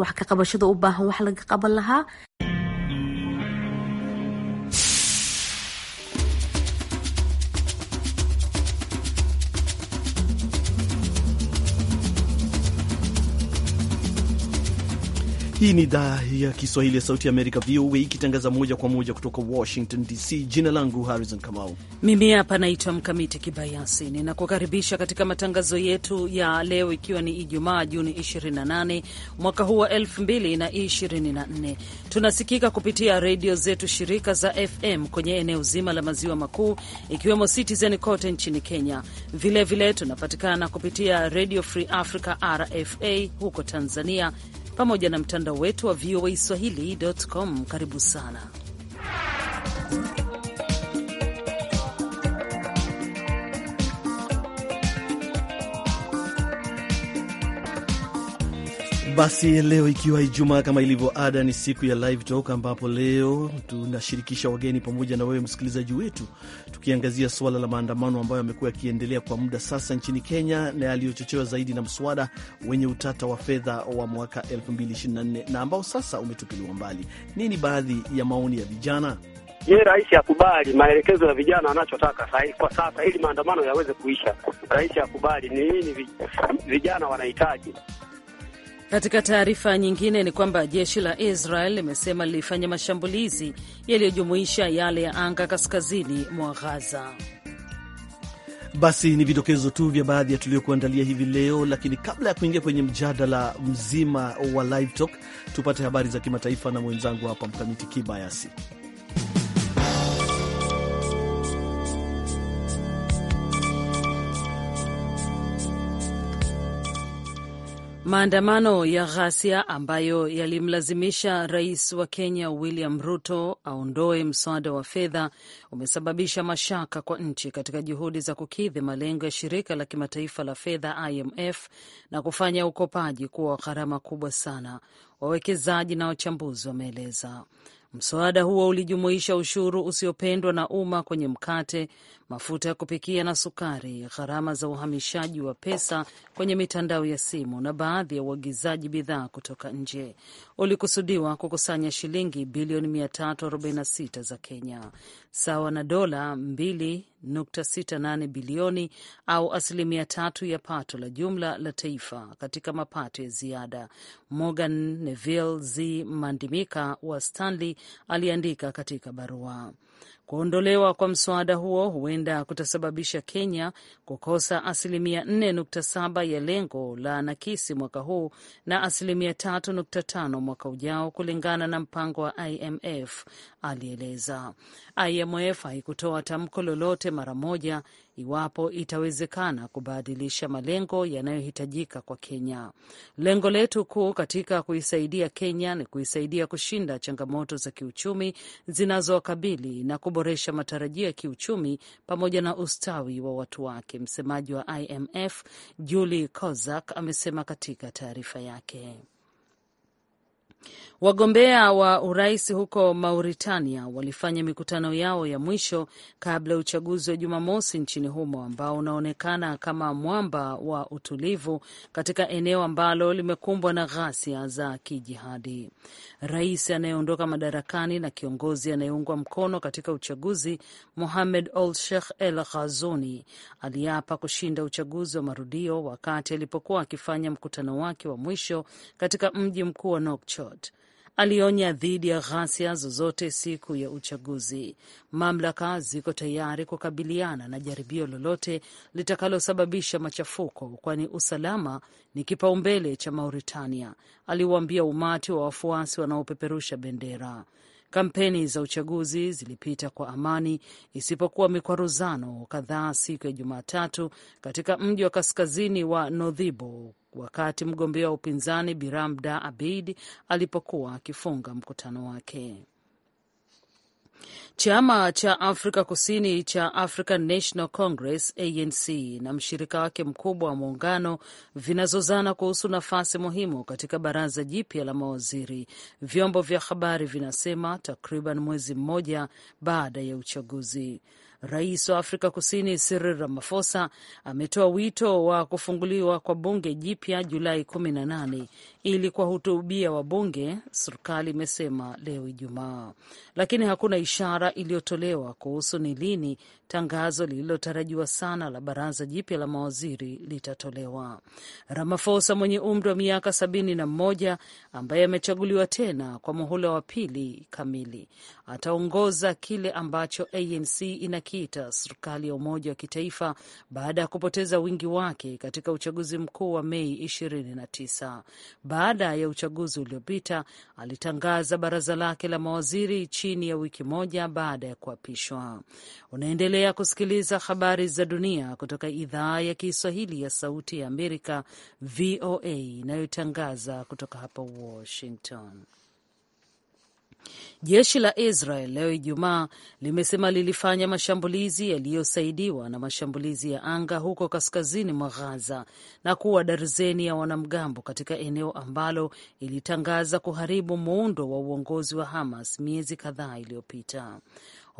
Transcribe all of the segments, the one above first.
wax ka qabashada u baahan wax laga qaban lahaa Hii ni idhaa ya Kiswahili ya Sauti ya Amerika, VOA, ikitangaza moja kwa moja kutoka Washington DC. Jina langu Harrison Kamau, mimi hapa naitwa Mkamiti Kibayasi, ninakukaribisha katika matangazo yetu ya leo, ikiwa ni Ijumaa Juni 28 mwaka huu wa 2024. Tunasikika kupitia redio zetu shirika za FM kwenye eneo zima la maziwa makuu, ikiwemo Citizen kote nchini Kenya. Vilevile tunapatikana kupitia Radio Free Africa, RFA, huko Tanzania pamoja na mtandao wetu wa voa swahili.com. Karibu sana. Basi leo ikiwa Ijumaa, kama ilivyo ada, ni siku ya Live Talk ambapo leo tunashirikisha wageni pamoja na wewe msikilizaji wetu, tukiangazia suala la maandamano ambayo yamekuwa yakiendelea kwa muda sasa nchini Kenya na yaliyochochewa zaidi na mswada wenye utata wa fedha wa mwaka 2024 na ambao sasa umetupiliwa mbali. Nini baadhi ya maoni ya vijana? Ye, rais akubali maelekezo ya vijana anachotaka sahi kwa sasa ili maandamano yaweze kuisha? Rais akubali ni nini vijana wanahitaji? Katika taarifa nyingine ni kwamba jeshi la Israel limesema lilifanya mashambulizi yaliyojumuisha yale ya anga kaskazini mwa Ghaza. Basi ni vidokezo tu vya baadhi ya tuliokuandalia hivi leo, lakini kabla ya kuingia kwenye mjadala mzima wa Live Talk, tupate habari za kimataifa na mwenzangu hapa Mkamiti Kibayasi. Maandamano ya ghasia ambayo yalimlazimisha rais wa Kenya William Ruto aondoe mswada wa fedha umesababisha mashaka kwa nchi katika juhudi za kukidhi malengo ya shirika la kimataifa la fedha IMF na kufanya ukopaji kuwa gharama kubwa sana, wawekezaji na wachambuzi wameeleza. Mswada huo ulijumuisha ushuru usiopendwa na umma kwenye mkate, mafuta ya kupikia na sukari, gharama za uhamishaji wa pesa kwenye mitandao ya simu na baadhi ya uagizaji bidhaa kutoka nje. Ulikusudiwa kukusanya shilingi bilioni 346 za Kenya, sawa na dola 2 nukt68 bilioni au asilimia tatu ya pato la jumla la taifa katika mapato ya ziada. Morgan Neville Z Mandimika wa Stanley aliandika katika barua. Kuondolewa kwa mswada huo huenda kutasababisha Kenya kukosa asilimia 4.7 ya lengo la nakisi mwaka huu na asilimia 3.5 mwaka ujao, kulingana na mpango wa IMF, alieleza. IMF haikutoa tamko lolote mara moja iwapo itawezekana kubadilisha malengo yanayohitajika kwa Kenya. Lengo letu kuu katika kuisaidia Kenya ni kuisaidia kushinda changamoto za kiuchumi zinazowakabili na kuboresha matarajio ya kiuchumi pamoja na ustawi wa watu wake, msemaji wa IMF Julie Kozak amesema katika taarifa yake. Wagombea wa urais huko Mauritania walifanya mikutano yao ya mwisho kabla ya uchaguzi wa Jumamosi nchini humo ambao unaonekana kama mwamba wa utulivu katika eneo ambalo limekumbwa na ghasia za kijihadi. Rais anayeondoka madarakani na kiongozi anayeungwa mkono katika uchaguzi Mohamed Ould Sheikh El ghazuni aliapa kushinda uchaguzi wa marudio wakati alipokuwa akifanya mkutano wake wa mwisho katika mji mkuu wa Nouakchott alionya dhidi ya ghasia zozote siku ya uchaguzi. Mamlaka ziko tayari kukabiliana na jaribio lolote litakalosababisha machafuko, kwani usalama ni kipaumbele cha Mauritania, aliwaambia umati wa wafuasi wanaopeperusha bendera. Kampeni za uchaguzi zilipita kwa amani, isipokuwa mikwaruzano kadhaa siku ya Jumatatu katika mji wa kaskazini wa Nodhibo wakati mgombea wa upinzani Biramda Abid alipokuwa akifunga mkutano wake. Chama cha Afrika Kusini cha African National Congress ANC na mshirika wake mkubwa wa muungano vinazozana kuhusu nafasi muhimu katika baraza jipya la mawaziri, vyombo vya habari vinasema takriban mwezi mmoja baada ya uchaguzi. Rais wa Afrika Kusini Cyril Ramaphosa ametoa wito wa kufunguliwa kwa bunge jipya Julai 18 ili kuwahutubia wabunge, serikali imesema leo Ijumaa, lakini hakuna ishara iliyotolewa kuhusu ni lini tangazo lililotarajiwa sana la baraza jipya la mawaziri litatolewa. ramafosa mwenye umri wa miaka sabini na mmoja ambaye amechaguliwa tena kwa muhula wa pili kamili ataongoza kile ambacho ANC inakiita serikali ya umoja wa kitaifa baada ya kupoteza wingi wake katika uchaguzi mkuu wa Mei 29. Baada ya uchaguzi uliopita, alitangaza baraza lake la mawaziri chini ya wiki moja baada ya kuapishwa. Unaendelea Unaendelea kusikiliza habari za dunia kutoka idhaa ya Kiswahili ya Sauti ya Amerika, VOA, inayotangaza kutoka hapa Washington. Jeshi la Israel leo Ijumaa limesema lilifanya mashambulizi yaliyosaidiwa na mashambulizi ya anga huko kaskazini mwa Ghaza na kuwa darzeni ya wanamgambo katika eneo ambalo ilitangaza kuharibu muundo wa uongozi wa Hamas miezi kadhaa iliyopita.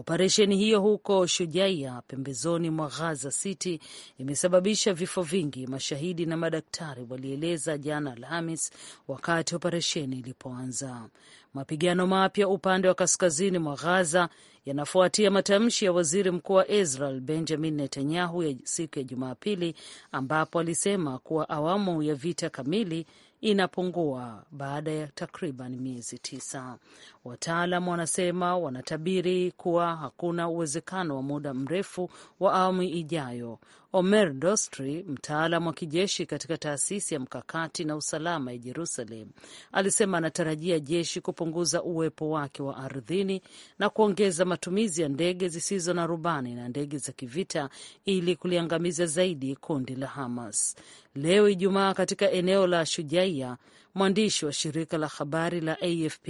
Operesheni hiyo huko Shujaia, pembezoni mwa Gaza City, imesababisha vifo vingi, mashahidi na madaktari walieleza jana Alhamis wakati operesheni ilipoanza. Mapigano mapya upande wa kaskazini mwa Gaza yanafuatia matamshi ya waziri mkuu wa Israel Benjamin Netanyahu ya siku ya Jumapili, ambapo alisema kuwa awamu ya vita kamili inapungua baada ya takriban miezi tisa. Wataalam wanasema wanatabiri kuwa hakuna uwezekano wa muda mrefu wa awamu ijayo Omer Dostri, mtaalam wa kijeshi katika taasisi ya mkakati na usalama ya Jerusalem, alisema anatarajia jeshi kupunguza uwepo wake wa ardhini na kuongeza matumizi ya ndege zisizo na rubani na ndege za kivita ili kuliangamiza zaidi kundi la Hamas. Leo Ijumaa, katika eneo la Shujaiya, mwandishi wa shirika la habari la AFP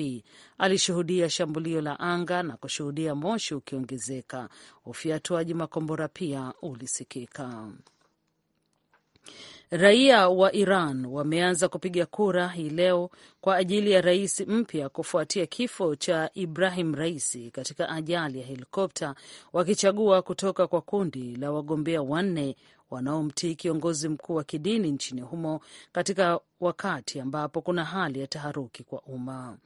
alishuhudia shambulio la anga na kushuhudia moshi ukiongezeka. Ufyatuaji makombora pia ulisikika. Raia wa Iran wameanza kupiga kura hii leo kwa ajili ya rais mpya kufuatia kifo cha Ibrahim Raisi katika ajali ya helikopta, wakichagua kutoka kwa kundi la wagombea wanne wanaomtii kiongozi mkuu wa kidini nchini humo katika wakati ambapo kuna hali ya taharuki kwa umma.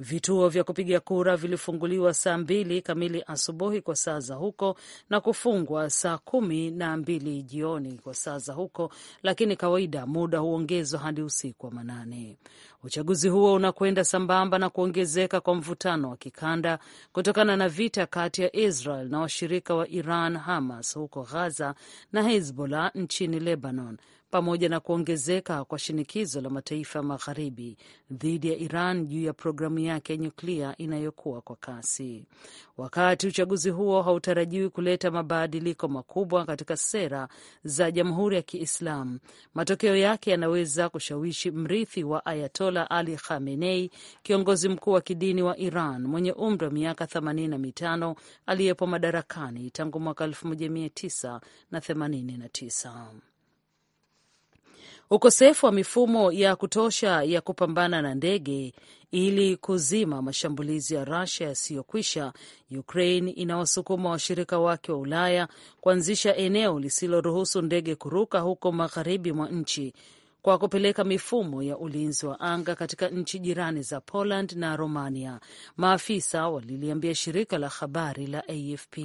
Vituo vya kupiga kura vilifunguliwa saa mbili kamili asubuhi kwa saa za huko na kufungwa saa kumi na mbili jioni kwa saa za huko, lakini kawaida muda huongezwa hadi usiku wa manane. Uchaguzi huo unakwenda sambamba na kuongezeka kwa mvutano wa kikanda kutokana na vita kati ya Israel na washirika wa Iran, Hamas huko ghaza na Hezbollah nchini Lebanon pamoja na kuongezeka kwa shinikizo la mataifa ya magharibi dhidi ya Iran juu ya programu yake ya nyuklia inayokuwa kwa kasi. Wakati uchaguzi huo hautarajiwi kuleta mabadiliko makubwa katika sera za Jamhuri ya Kiislamu, matokeo yake yanaweza kushawishi mrithi wa Ayatola Ali Khamenei, kiongozi mkuu wa kidini wa Iran mwenye umri wa miaka 85 aliyepo madarakani tangu mwaka 1989. Ukosefu wa mifumo ya kutosha ya kupambana na ndege ili kuzima mashambulizi ya rasia yasiyokwisha, Ukraine inawasukuma washirika wake wa Ulaya kuanzisha eneo lisiloruhusu ndege kuruka huko magharibi mwa nchi kwa kupeleka mifumo ya ulinzi wa anga katika nchi jirani za Poland na Romania, maafisa waliliambia shirika la habari la AFP.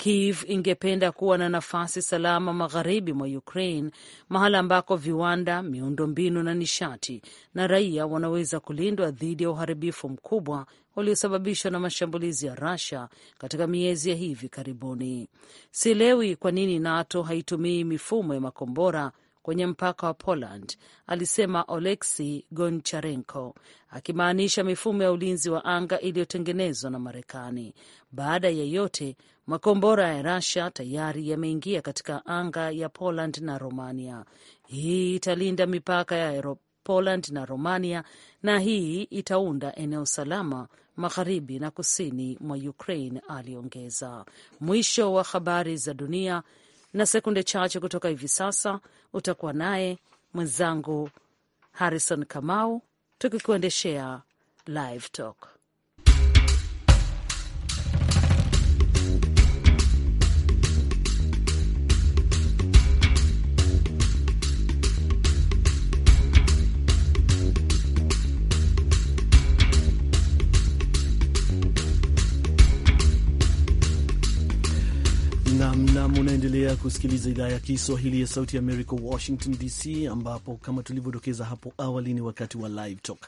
Kiev ingependa kuwa na nafasi salama magharibi mwa Ukraine, mahala ambako viwanda, miundombinu na nishati na raia wanaweza kulindwa dhidi ya uharibifu mkubwa uliosababishwa na mashambulizi ya Russia katika miezi ya hivi karibuni. Sielewi kwa nini NATO haitumii mifumo ya makombora kwenye mpaka wa Poland, alisema Oleksi Goncharenko, akimaanisha mifumo ya ulinzi wa anga iliyotengenezwa na Marekani. Baada ya yote, makombora ya Russia tayari yameingia katika anga ya Poland na Romania. Hii italinda mipaka ya Poland na Romania na hii itaunda eneo salama magharibi na kusini mwa Ukraine, aliongeza. Mwisho wa habari za dunia na sekunde chache kutoka hivi sasa utakuwa naye mwenzangu Harrison Kamau tukikuendeshea Live Talk. Nam, unaendelea kusikiliza idhaa ya Kiswahili ya Sauti ya America, Washington DC, ambapo kama tulivyodokeza hapo awali ni wakati wa Live Talk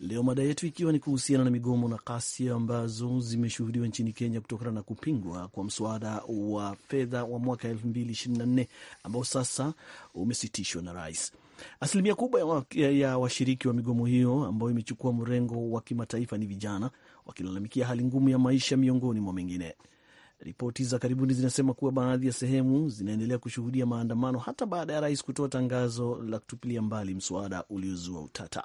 leo, mada yetu ikiwa ni kuhusiana na migomo na ghasia ambazo zimeshuhudiwa nchini Kenya kutokana na kupingwa kwa mswada wa fedha wa mwaka 2024 ambao sasa umesitishwa na rais. Asilimia kubwa ya washiriki wa migomo hiyo ambayo imechukua mrengo wa kimataifa ni vijana, wakilalamikia hali ngumu ya maisha miongoni mwa mengine. Ripoti za karibuni zinasema kuwa baadhi ya sehemu zinaendelea kushuhudia maandamano hata baada ya rais kutoa tangazo la kutupilia mbali mswada uliozua utata.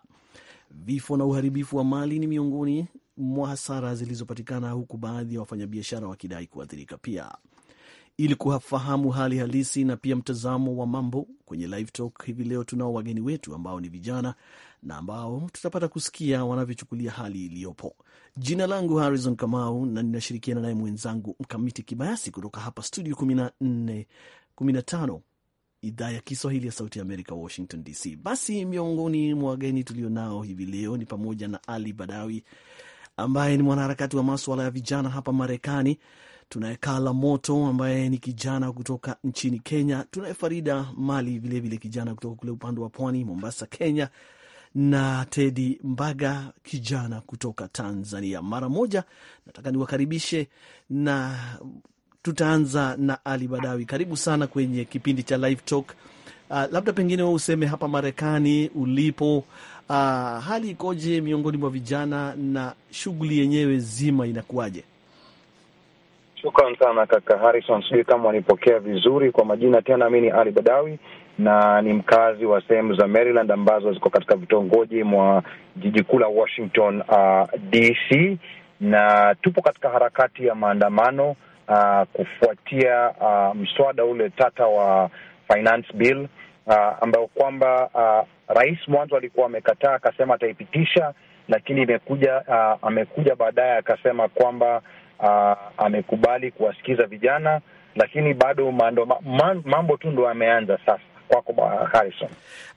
Vifo na uharibifu wa mali ni miongoni mwa hasara zilizopatikana, huku baadhi ya wafanyabiashara wakidai kuathirika pia. Ili kufahamu hali halisi na pia mtazamo wa mambo kwenye Live Talk hivi leo, tunao wageni wetu ambao ni vijana na ambao tutapata kusikia wanavyochukulia hali iliyopo. Jina langu Harrison Kamau na ninashirikiana naye mwenzangu Mkamiti Kibayasi kutoka hapa studio 1415 idhaa ya Kiswahili ya Sauti ya Amerika, Washington DC. Basi, miongoni mwa wageni tulionao hivi leo ni pamoja na Ali Badawi ambaye ni mwanaharakati wa maswala ya vijana hapa Marekani Tunaye Kala Moto ambaye ni kijana kutoka nchini Kenya. Tunaye Farida Mali vilevile vile kijana kutoka kule upande wa pwani Mombasa, Kenya, na Tedi Mbaga kijana kutoka Tanzania. Mara moja nataka niwakaribishe na tutaanza na Ali Badawi. Karibu sana kwenye kipindi cha Live Talk. Uh, labda pengine wewe useme hapa Marekani ulipo, uh, hali ikoje miongoni mwa vijana na shughuli yenyewe zima inakuwaje? Shukran sana kaka Harrison, sijui kama wanipokea vizuri. Kwa majina tena, mi ni Ali Badawi na ni mkazi wa sehemu za Maryland ambazo ziko katika vitongoji mwa jiji kuu la Washington uh, DC, na tupo katika harakati ya maandamano uh, kufuatia uh, mswada ule tata wa finance bill uh, ambayo kwamba uh, rais mwanzo alikuwa amekataa akasema ataipitisha, lakini imekuja uh, amekuja baadaye akasema kwamba uh, amekubali kuwasikiza vijana, lakini bado mando, man, mambo tu ndo ameanza sasa. Kwako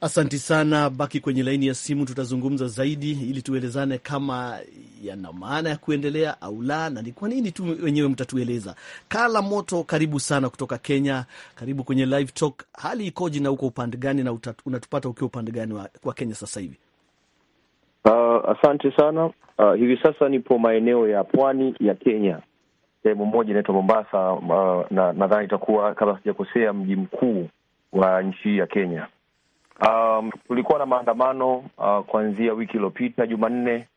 Asanti sana, baki kwenye laini ya simu, tutazungumza zaidi ili tuelezane kama yana maana ya kuendelea au la, na ni kwa nini tu wenyewe mtatueleza. Kala Moto, karibu sana kutoka Kenya, karibu kwenye Live Talk. Hali ikoje na uko upande gani, na unatupata ukiwa upande gani wa, Kenya sasa hivi? Uh, asante sana. Uh, hivi sasa nipo maeneo ya pwani ya Kenya, sehemu moja inaitwa Mombasa. Uh, na nadhani itakuwa kama sijakosea, mji mkuu wa nchi ya Kenya. Um, tulikuwa na maandamano uh, kuanzia wiki iliyopita Jumanne,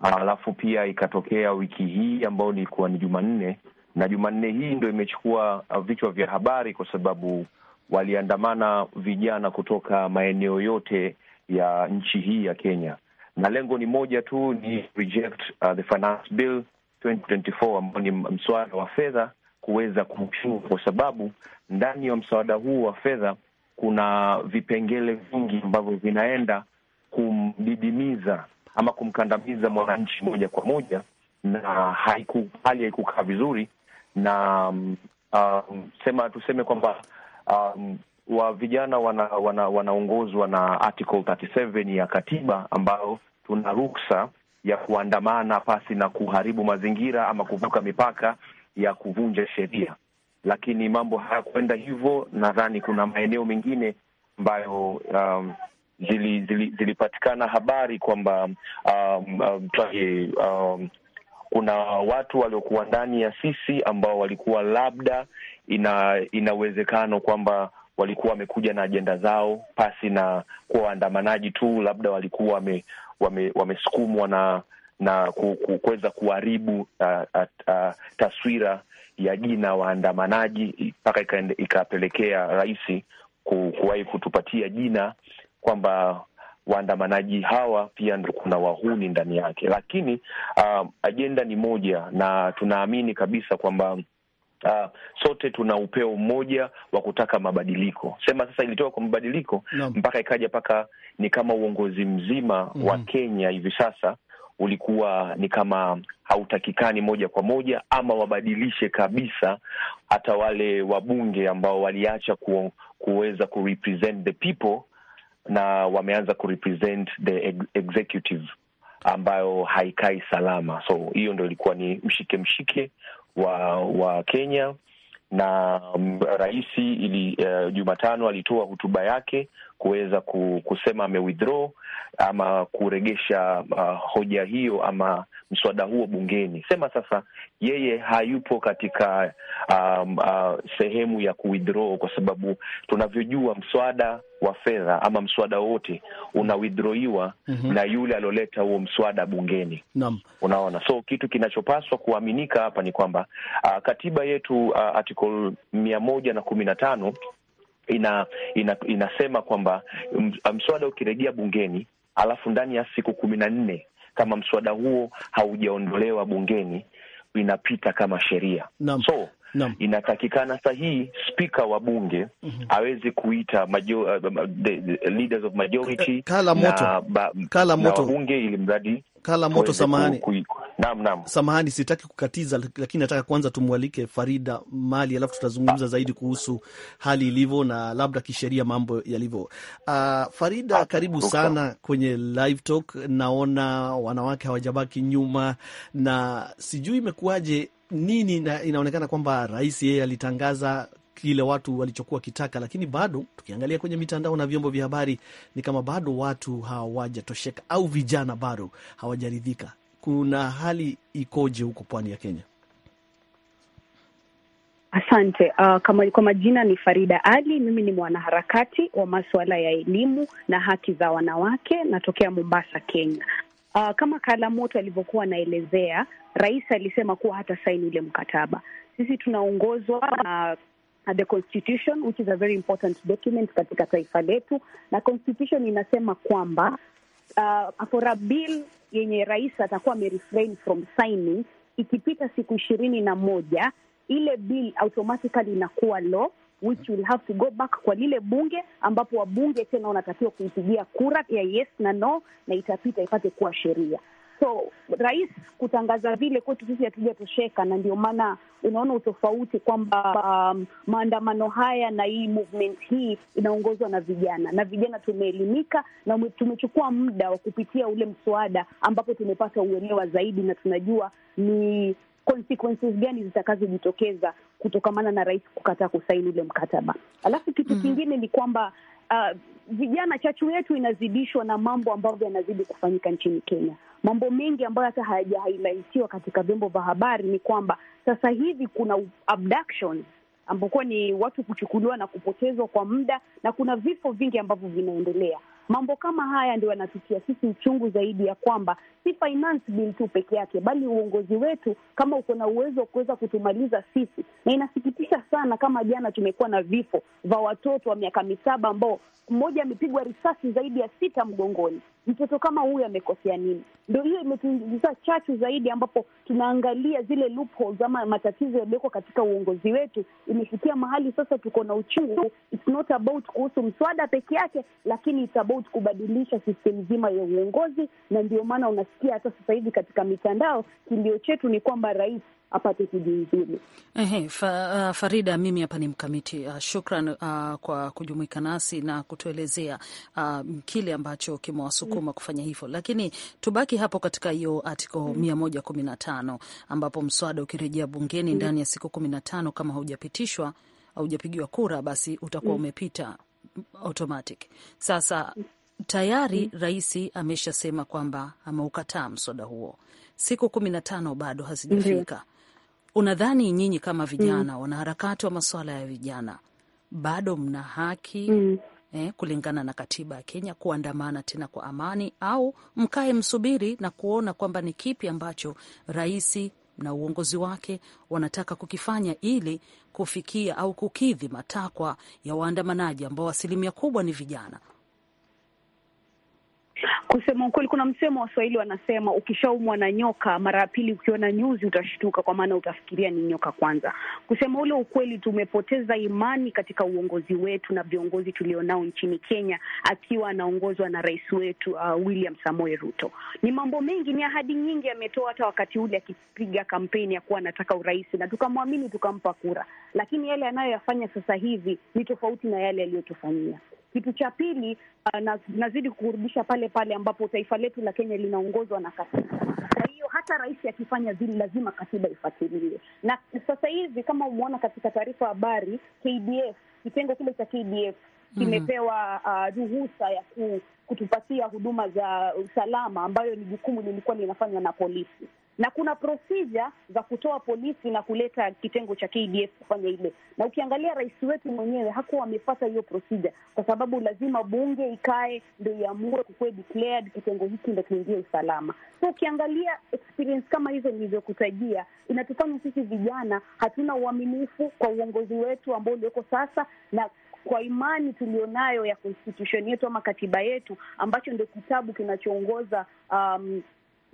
alafu uh, pia ikatokea wiki hii ambayo ilikuwa ni Jumanne, na Jumanne hii ndo imechukua uh, vichwa vya habari kwa sababu waliandamana vijana kutoka maeneo yote ya nchi hii ya Kenya na lengo ni moja tu, ni reject uh, the finance bill 2024 ambao ni mswada wa fedha kuweza kuuchunga, kwa sababu ndani ya mswada huu wa fedha kuna vipengele vingi ambavyo vinaenda kumdidimiza ama kumkandamiza mwananchi moja kwa moja, na haiku, hali haikukaa vizuri na um, um sema tuseme kwamba um, wa vijana wanaongozwa wana, wana na article 37 ya katiba ambayo tuna ruksa ya kuandamana pasi na kuharibu mazingira ama kuvuka mipaka ya kuvunja sheria, lakini mambo hayakwenda hivyo. Nadhani kuna maeneo mengine ambayo um, zilipatikana zili, habari kwamba um, um, um, kuna watu waliokuwa ndani ya sisi ambao walikuwa labda ina, ina uwezekano kwamba walikuwa wamekuja na ajenda zao pasi na kuwa waandamanaji tu, labda walikuwa wame, wame, wamesukumwa na ku, kuweza kuharibu taswira ya jina waandamanaji, mpaka ikapelekea rais kuwahi kutupatia jina kwamba waandamanaji hawa pia ndo kuna wahuni ndani yake. Lakini uh, ajenda ni moja, na tunaamini kabisa kwamba uh, sote tuna upeo mmoja wa kutaka mabadiliko. Sema sasa ilitoka kwa mabadiliko no. mpaka ikaja mpaka ni kama uongozi mzima mm -hmm. wa mhm. Kenya hivi sasa ulikuwa ni kama hautakikani moja kwa moja, ama wabadilishe kabisa hata wale wabunge ambao waliacha ku, kuweza kurepresent the people na wameanza kurepresent the executive ambayo haikai salama. So hiyo ndo ilikuwa ni mshike mshike wa, wa Kenya na um, mm, rais ili eh, Jumatano alitoa hotuba yake kuweza kusema amewithdraw ama kuregesha uh, hoja hiyo ama mswada huo bungeni. Sema sasa yeye hayupo katika um, uh, sehemu ya kuwithdraw kwa sababu tunavyojua mswada wa fedha ama mswada wowote unawidroiwa mm -hmm. na yule alioleta huo mswada bungeni. Naam. Unaona, so kitu kinachopaswa kuaminika hapa ni kwamba uh, katiba yetu uh, article mia moja na kumi na tano ina, ina, inasema kwamba mswada ukirejea bungeni alafu ndani ya siku kumi na nne kama mswada huo haujaondolewa bungeni inapita kama sheria. So no. inatakikana sahihi spika wa bunge mm -hmm. aweze kuita majo, uh, uh, the, the leaders of majority kala moto ba, kala moto bunge ili mradi kala moto. Samahani, naam naam, samahani, sitaki kukatiza, lakini nataka kwanza tumwalike Farida Mali, alafu tutazungumza zaidi kuhusu hali ilivyo na labda kisheria mambo yalivyo. Uh, Farida ha, ah, karibu uka. sana kwenye live talk. Naona wanawake hawajabaki nyuma, na sijui imekuwaje nini inaonekana kwamba rais yeye alitangaza kile watu walichokuwa kitaka, lakini bado tukiangalia kwenye mitandao na vyombo vya habari ni kama bado watu hawajatosheka au vijana bado hawajaridhika. Kuna hali ikoje huko pwani ya Kenya? Asante. Uh, kama, kwa majina ni Farida Ali. Mimi ni mwanaharakati wa masuala ya elimu na haki za wanawake, natokea Mombasa, Kenya. Uh, kama Kala Moto alivyokuwa anaelezea, rais alisema kuwa hata saini ule mkataba. Sisi tunaongozwa na uh, the constitution which is a very important document katika taifa letu, na constitution inasema kwamba uh, ah, for a bill yenye rais atakuwa amerefrain from signing ikipita siku ishirini na moja ile bill automatically inakuwa law which will have to go back kwa lile bunge ambapo wabunge tena wanatakiwa kuipigia kura ya yes na no, na itapita ipate kuwa sheria. So rais kutangaza vile kwetu sisi hatujatosheka, na ndio maana unaona utofauti kwamba um, maandamano haya na hii movement hii inaongozwa na vijana, na vijana tumeelimika na tumechukua muda wa kupitia ule mswada ambapo tumepata uelewa zaidi, na tunajua ni consequences gani zitakazojitokeza kutokamana na rais kukataa kusaini ule mkataba. Alafu kitu mm kingine ni kwamba uh, vijana, chachu yetu inazidishwa na mambo ambavyo yanazidi kufanyika nchini Kenya. Mambo mengi ambayo hata hayajahilaisiwa katika vyombo vya habari ni kwamba sasa hivi kuna abduction ambakuwa ni watu kuchukuliwa na kupotezwa kwa muda, na kuna vifo vingi ambavyo vinaendelea. Mambo kama haya ndio yanatutia sisi uchungu zaidi, ya kwamba si finance bill tu peke yake, bali uongozi wetu kama uko na uwezo wa kuweza kutumaliza sisi. Na inasikitisha sana, kama jana tumekuwa na vifo vya watoto wa miaka misaba ambao mmoja amepigwa risasi zaidi ya sita mgongoni mtoto kama huyu amekosea nini? Ndo hiyo imetuingiza chachu zaidi, ambapo tunaangalia zile loopholes ama matatizo yaliyoko katika uongozi wetu. Imefikia mahali sasa tuko na uchungu, it's not about kuhusu mswada peke yake, lakini it's about kubadilisha sistem zima ya uongozi, na ndio maana unasikia hata sasa hivi katika mitandao kilio chetu ni kwamba rais apate kujiuzulu. Ehe, fa, uh, Farida, mimi hapa ni mkamiti uh, shukran uh, kwa kujumuika nasi na kutuelezea uh, kile ambacho kimewasukuma mm. kufanya hivyo, lakini tubaki hapo katika hiyo article mm. mia moja kumi na tano ambapo mswada ukirejea bungeni mm. ndani mm. ya siku kumi na tano kama haujapitishwa haujapigiwa kura, basi utakuwa mm. umepita automatic. Sasa tayari mm. rais ameshasema kwamba ameukataa mswada huo, siku kumi na tano bado hazijafika mm -hmm unadhani nyinyi kama vijana mm. wanaharakati wa masuala ya vijana bado mna haki mm. eh, kulingana na katiba ya Kenya kuandamana tena kwa amani, au mkae msubiri na kuona kwamba ni kipi ambacho rais na uongozi wake wanataka kukifanya ili kufikia au kukidhi matakwa ya waandamanaji ambao asilimia kubwa ni vijana Kusema ukweli, kuna msemo wa swahili wanasema ukishaumwa na nyoka mara ya pili, ukiona nyuzi utashtuka, kwa maana utafikiria ni nyoka kwanza. Kusema ule ukweli, tumepoteza imani katika uongozi wetu na viongozi tulionao nchini Kenya, akiwa anaongozwa na rais wetu uh, William samoe Ruto. Ni mambo mengi, ni ahadi nyingi ametoa, hata wakati ule akipiga kampeni ya kuwa anataka urais, na tukamwamini tukampa kura, lakini yale anayoyafanya sasa hivi ni tofauti na yale yaliyotufanyia. Kitu cha pili uh, nazidi kukurudisha pale pale ambapo taifa letu la Kenya linaongozwa na katiba. Kwa hiyo hata rais akifanya vile, lazima katiba ifuatiliwe, na sasa hivi kama umeona katika taarifa habari, KDF kitengo kile cha KDF kimepewa uh, ruhusa ya kutupatia huduma za usalama ambayo ni jukumu lilikuwa linafanywa na polisi na kuna procedure za kutoa polisi na kuleta kitengo cha KDF kufanya ile. Na ukiangalia rais wetu mwenyewe hakuwa amefuata hiyo procedure, kwa sababu lazima bunge ikae ndo iamue kukuwe declared kitengo hiki ndo kiingie usalama. So ukiangalia experience kama hizo nilizokutajia, inatufanya sisi vijana hatuna uaminifu kwa uongozi wetu ambao ulioko sasa na kwa imani nayo ya constitution yetu ama katiba yetu ambacho ndio kitabu kinachoongoza um,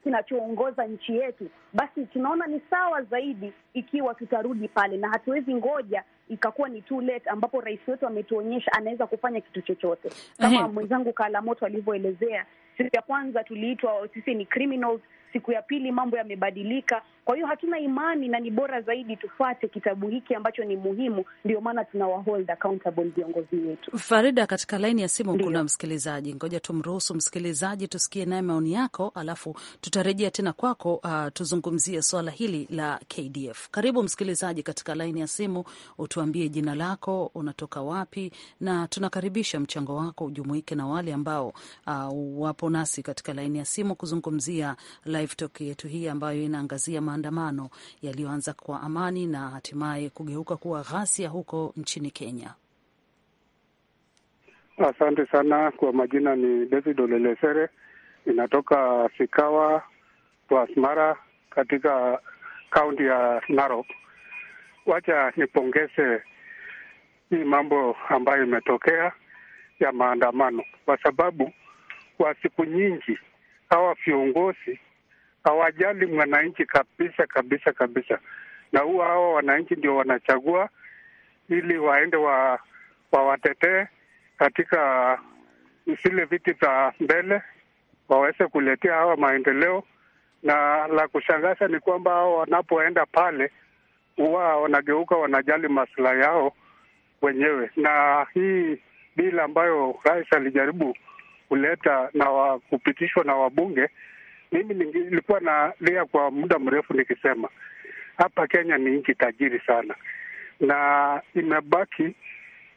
kinachoongoza nchi yetu, basi tunaona ni sawa zaidi ikiwa tutarudi pale, na hatuwezi ngoja ikakuwa ni too late, ambapo rais wetu ametuonyesha anaweza kufanya kitu chochote, kama mwenzangu Kalamoto alivyoelezea. Siku ya kwanza tuliitwa sisi ni criminals, siku ya pili mambo yamebadilika, kwa hiyo hatuna imani na ni bora zaidi tufuate kitabu hiki ambacho ni muhimu, ndio maana tunawahold accountable viongozi wetu. Farida, katika laini ya simu kuna msikilizaji, ngoja tumruhusu msikilizaji tusikie naye maoni yako, alafu tutarejea tena kwako, uh, tuzungumzie swala hili la KDF. Karibu msikilizaji katika laini ya simu, utuambie jina lako, unatoka wapi, na tunakaribisha mchango wako ujumuike na wale ambao uh, wapo nasi katika laini ya simu kuzungumzia live talk yetu hii ambayo inaangazia maandamano yaliyoanza kwa amani na hatimaye kugeuka kuwa ghasia huko nchini Kenya? Asante sana. Kwa majina ni David Olelesere, inatoka Sikawa Asmara katika kaunti ya Narok. Wacha nipongeze hii mambo ambayo imetokea ya maandamano, kwa sababu kwa siku nyingi hawa viongozi hawajali mwananchi kabisa kabisa kabisa, na huwa hawa wananchi ndio wanachagua ili waende wa wawatetee katika zile viti vya mbele, waweze kuletea hawa maendeleo. Na la kushangaza ni kwamba hao wanapoenda pale huwa wanageuka, wanajali maslahi yao wenyewe, na hii bila ambayo rais alijaribu kuleta na kupitishwa na wabunge mimi nilikuwa na lia kwa muda mrefu nikisema hapa Kenya ni nchi tajiri sana, na imebaki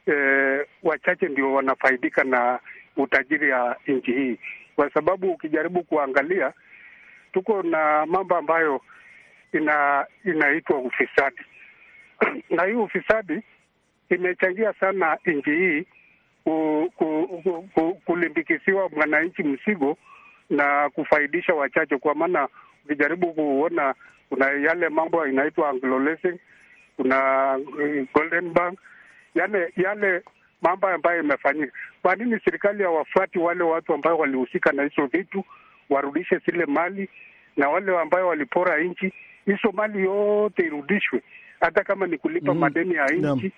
eh, wachache ndio wanafaidika na utajiri ya nchi hii, kwa sababu ukijaribu kuangalia tuko na mambo ambayo ina inaitwa ufisadi na hii ufisadi imechangia sana nchi hii ku, ku, ku, ku, kulimbikisiwa mwananchi msigo na kufaidisha wachache, kwa maana ukijaribu kuona kuna yale mambo inaitwa Anglo Leasing, kuna eh, Golden Bank, yale yale mambo ambayo imefanyika. Kwa nini serikali hawafuati wale watu ambao walihusika na hizo vitu, warudishe zile mali, na wale ambayo walipora nchi, hizo mali yote irudishwe, hata kama ni kulipa mm -hmm. madeni ya nchi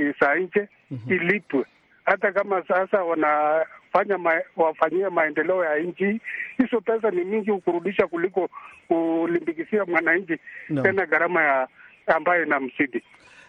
eh, za nje mm -hmm. ilipwe hata kama sasa wanafanya ma, wafanyia maendeleo ya nchi, hizo pesa ni mingi ukurudisha kuliko kulimbikisia mwananchi no. tena gharama ya ambayo msidi.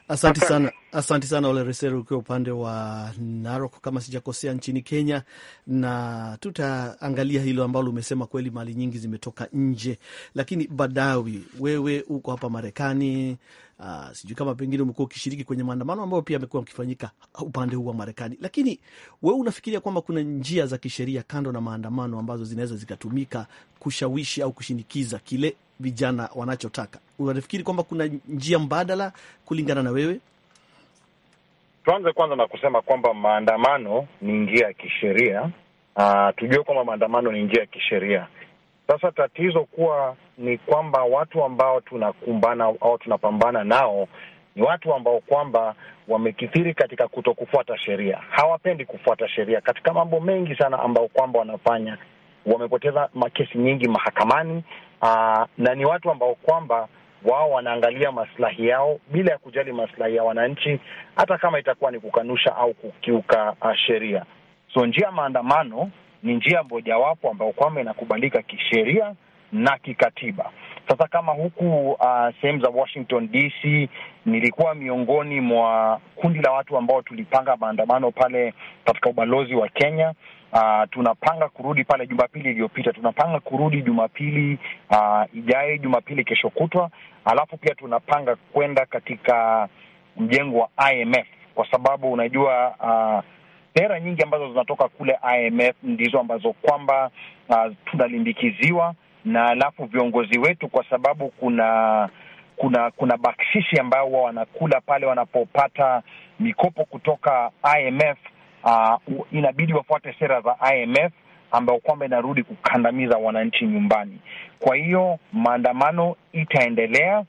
Asante sana. Asante sana Ole Reseru, ukiwa upande wa Narok kama sijakosea, nchini Kenya, na tutaangalia hilo ambalo umesema. Kweli mali nyingi zimetoka nje, lakini Badawi, wewe uko hapa Marekani. Uh, sijui kama pengine umekuwa ukishiriki kwenye maandamano ambayo pia amekuwa akifanyika upande huu wa Marekani, lakini wewe unafikiria kwamba kuna njia za kisheria kando na maandamano ambazo zinaweza zikatumika kushawishi au kushinikiza kile vijana wanachotaka? Unafikiri kwamba kuna njia mbadala kulingana na wewe? Tuanze kwanza na kusema kwamba maandamano ni njia ya kisheria. Uh, tujue kwamba maandamano ni njia ya kisheria. Sasa tatizo kuwa ni kwamba watu ambao tunakumbana au tunapambana nao ni watu ambao kwamba wamekithiri katika kuto kufuata sheria, hawapendi kufuata sheria katika mambo mengi sana ambao kwamba wanafanya. Wamepoteza makesi nyingi mahakamani, aa, ah, na ni watu ambao kwamba wao wanaangalia maslahi yao bila ya kujali maslahi ya wananchi, hata kama itakuwa ni kukanusha au kukiuka uh, sheria. So njia ya maandamano ni njia mojawapo ambayo kwamba inakubalika kisheria na kikatiba. Sasa kama huku uh, sehemu za Washington DC, nilikuwa miongoni mwa kundi la watu ambao tulipanga maandamano pale katika ubalozi wa Kenya, Uh, tunapanga kurudi pale Jumapili iliyopita, tunapanga kurudi Jumapili uh, ijayo, Jumapili kesho kutwa, alafu pia tunapanga kwenda katika mjengo wa IMF kwa sababu unajua uh, nyingi ambazo zinatoka kule IMF ndizo ambazo kwamba uh, tunalimbikiziwa na alafu viongozi wetu, kwa sababu kuna kuna kuna bakshishi ambao wanakula pale wanapopata mikopo kutoka IMF uh, inabidi wafuate sera za IMF ambayo kwamba inarudi kukandamiza wananchi nyumbani. Kwa hiyo maandamano itaendelea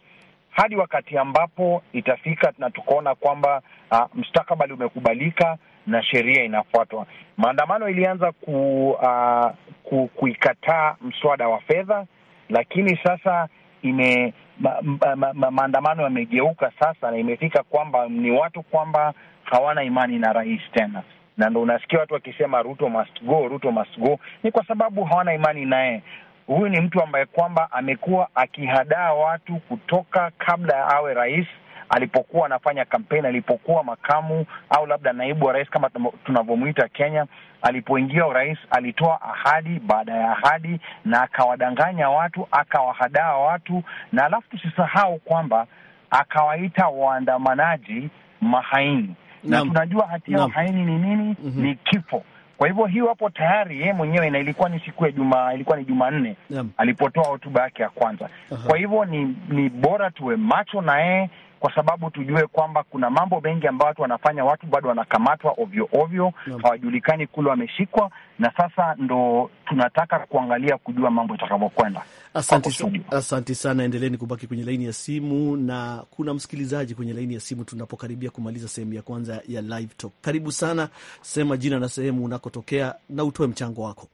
hadi wakati ambapo itafika na tukaona kwamba uh, mstakabali umekubalika na sheria inafuatwa. Maandamano ilianza ku, uh, ku, kuikataa mswada wa fedha, lakini sasa ime ma, ma, ma, ma, maandamano yamegeuka sasa na imefika kwamba ni watu kwamba hawana imani na rais tena na ndo unasikia watu wakisema Ruto must go, Ruto must go, ni kwa sababu hawana imani naye. Huyu ni mtu ambaye kwamba amekuwa akihadaa watu kutoka kabla ya awe rais alipokuwa anafanya kampeni, alipokuwa makamu au labda naibu wa rais kama tunavyomwita Kenya. Alipoingia urais, alitoa ahadi baada ya ahadi na akawadanganya watu, akawahadaa watu, na alafu tusisahau kwamba akawaita waandamanaji mahaini na tunajua hatia uhaini ni nini? mm -hmm. Ni kifo. Kwa hivyo hiyo hapo tayari yeye mwenyewe, na ilikuwa ni siku ya Juma, ilikuwa ni Jumanne alipotoa hotuba yake ya kwanza. uh -huh. Kwa hivyo ni, ni bora tuwe macho na yeye kwa sababu tujue kwamba kuna mambo mengi ambayo watu wanafanya, watu bado wanakamatwa ovyo ovyo, hawajulikani yep, kule wameshikwa, na sasa ndo tunataka kuangalia kujua mambo itakavyokwenda. Asante, asante sana, endeleni kubaki kwenye laini ya simu, na kuna msikilizaji kwenye laini ya simu tunapokaribia kumaliza sehemu ya kwanza ya Live Talk. Karibu sana, sema jina na sehemu unakotokea na utoe mchango wako.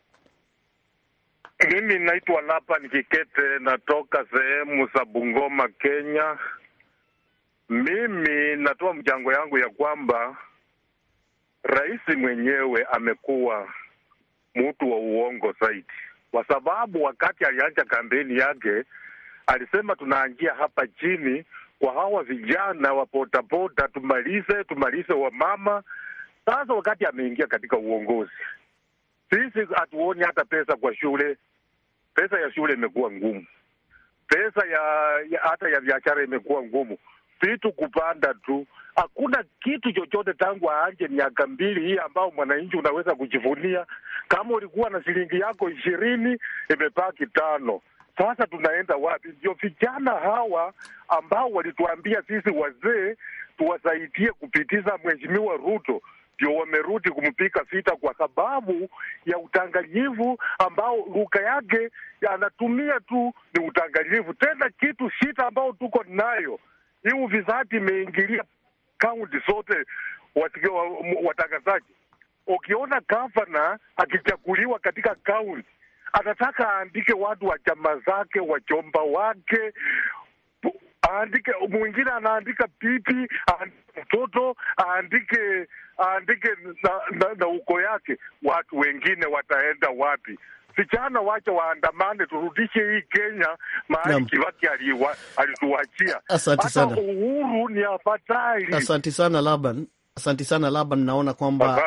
Mimi naitwa Lapa Nikikete, natoka sehemu za Bungoma, Kenya. Mimi natoa mchango yangu ya kwamba rais mwenyewe amekuwa mtu wa uongo zaidi, kwa sababu wakati alianza kampeni yake alisema tunaanjia hapa chini kwa hawa vijana wa potapota, tumalize tumalize mama Sasa wakati ameingia katika uongozi, sisi hatuoni hata pesa kwa shule. Pesa ya shule imekuwa ngumu, pesa ya, ya hata ya biashara imekuwa ngumu vitu kupanda tu, hakuna kitu chochote tangu aanje miaka mbili hii ambao mwananchi unaweza kujivunia. Kama ulikuwa na shilingi yako ishirini, imebaki tano. Sasa tunaenda wapi? Ndio vijana hawa ambao walituambia sisi wazee tuwasaidie kupitiza Mheshimiwa Ruto ndio wamerudi kumpika vita kwa sababu ya utanganyivu ambao lugha yake anatumia tu ni utanganyivu Tena kitu shita ambao tuko nayo hii uvizati imeingilia kaunti zote watangazaji. Ukiona gavana akichaguliwa katika kaunti, anataka aandike watu wa chama zake, wachomba wake aandike mwingine, anaandika bibi, aandike mtoto, aandike aandike na, na, na uko yake. Watu wengine wataenda wapi? vijana wacha waandamane, turudishe hii Kenya mahali Kibaki alituachia. Asante sana. Uhuru ni abatari. Asante sana Laban. Asanti sana Laban, naona kwamba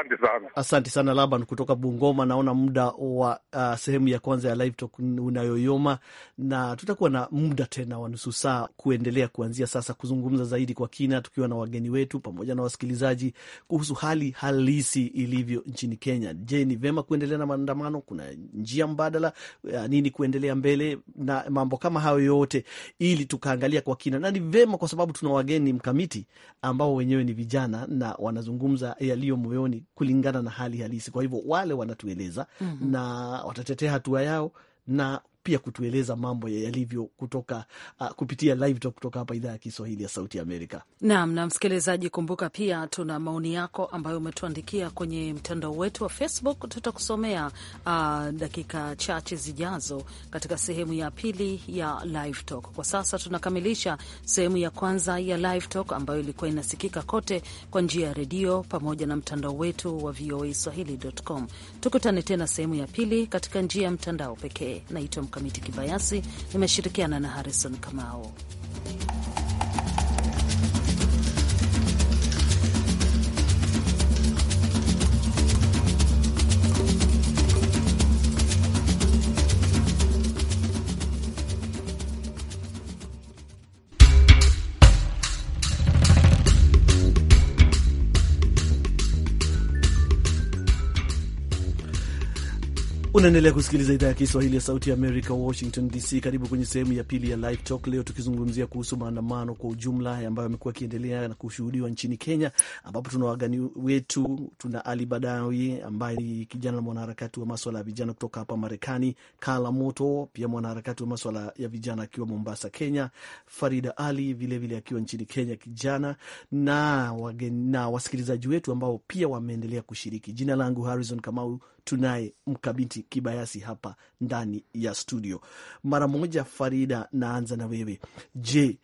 asanti sana, sana Laban kutoka Bungoma. Naona muda wa uh, sehemu ya kwanza ya live talk unayoyoma, na tutakuwa na muda tena wa nusu saa kuendelea kuanzia sasa kuzungumza zaidi kwa kina, tukiwa na wageni wetu pamoja na wasikilizaji kuhusu hali halisi ilivyo nchini Kenya. Je, ni vema kuendelea na maandamano? Kuna njia mbadala ya uh, nini kuendelea mbele na mambo kama hayo yote, ili tukaangalia kwa kina, na ni vema kwa sababu tuna wageni mkamiti ambao wenyewe ni vijana na wanazungumza yaliyo moyoni kulingana na hali halisi. Kwa hivyo wale wanatueleza mm -hmm. na watatetea hatua yao na pia kutueleza mambo yalivyo kutoka uh, kupitia live talk kutoka hapa idhaa ya Kiswahili ya Sauti Amerika. Naam, na msikilizaji, kumbuka pia tuna maoni yako ambayo umetuandikia kwenye mtandao wetu wa Facebook. Tutakusomea uh, dakika chache zijazo katika sehemu ya pili ya live talk. Kwa sasa tunakamilisha sehemu ya kwanza ya live talk ambayo ilikuwa inasikika kote kwa njia ya redio pamoja na mtandao wetu wa voa swahili.com. Tukutane tena sehemu ya pili katika njia ya mtandao pekee. Naitwa Mkamiti Kibayasi, nimeshirikiana na Harrison Kamao. Unaendelea kusikiliza idhaa ya Kiswahili ya Sauti ya Amerika, Washington DC. Karibu kwenye sehemu ya pili ya Live Talk, leo tukizungumzia kuhusu maandamano kwa ujumla ambayo amekuwa akiendelea na kushuhudiwa nchini Kenya, ambapo tuna wagani wetu, tuna Ali Badawi ambaye ni kijana na mwanaharakati wa maswala ya vijana kutoka hapa Marekani, Kala Moto pia mwanaharakati wa maswala ya vijana akiwa Mombasa, Kenya, Farida Ali vilevile akiwa nchini Kenya kijana, na, na wasikilizaji wetu ambao pia wameendelea kushiriki. Jina langu Harrison Kamau tunaye mkabiti Kibayasi hapa ndani ya studio. Mara moja, Farida, naanza na wewe. Je,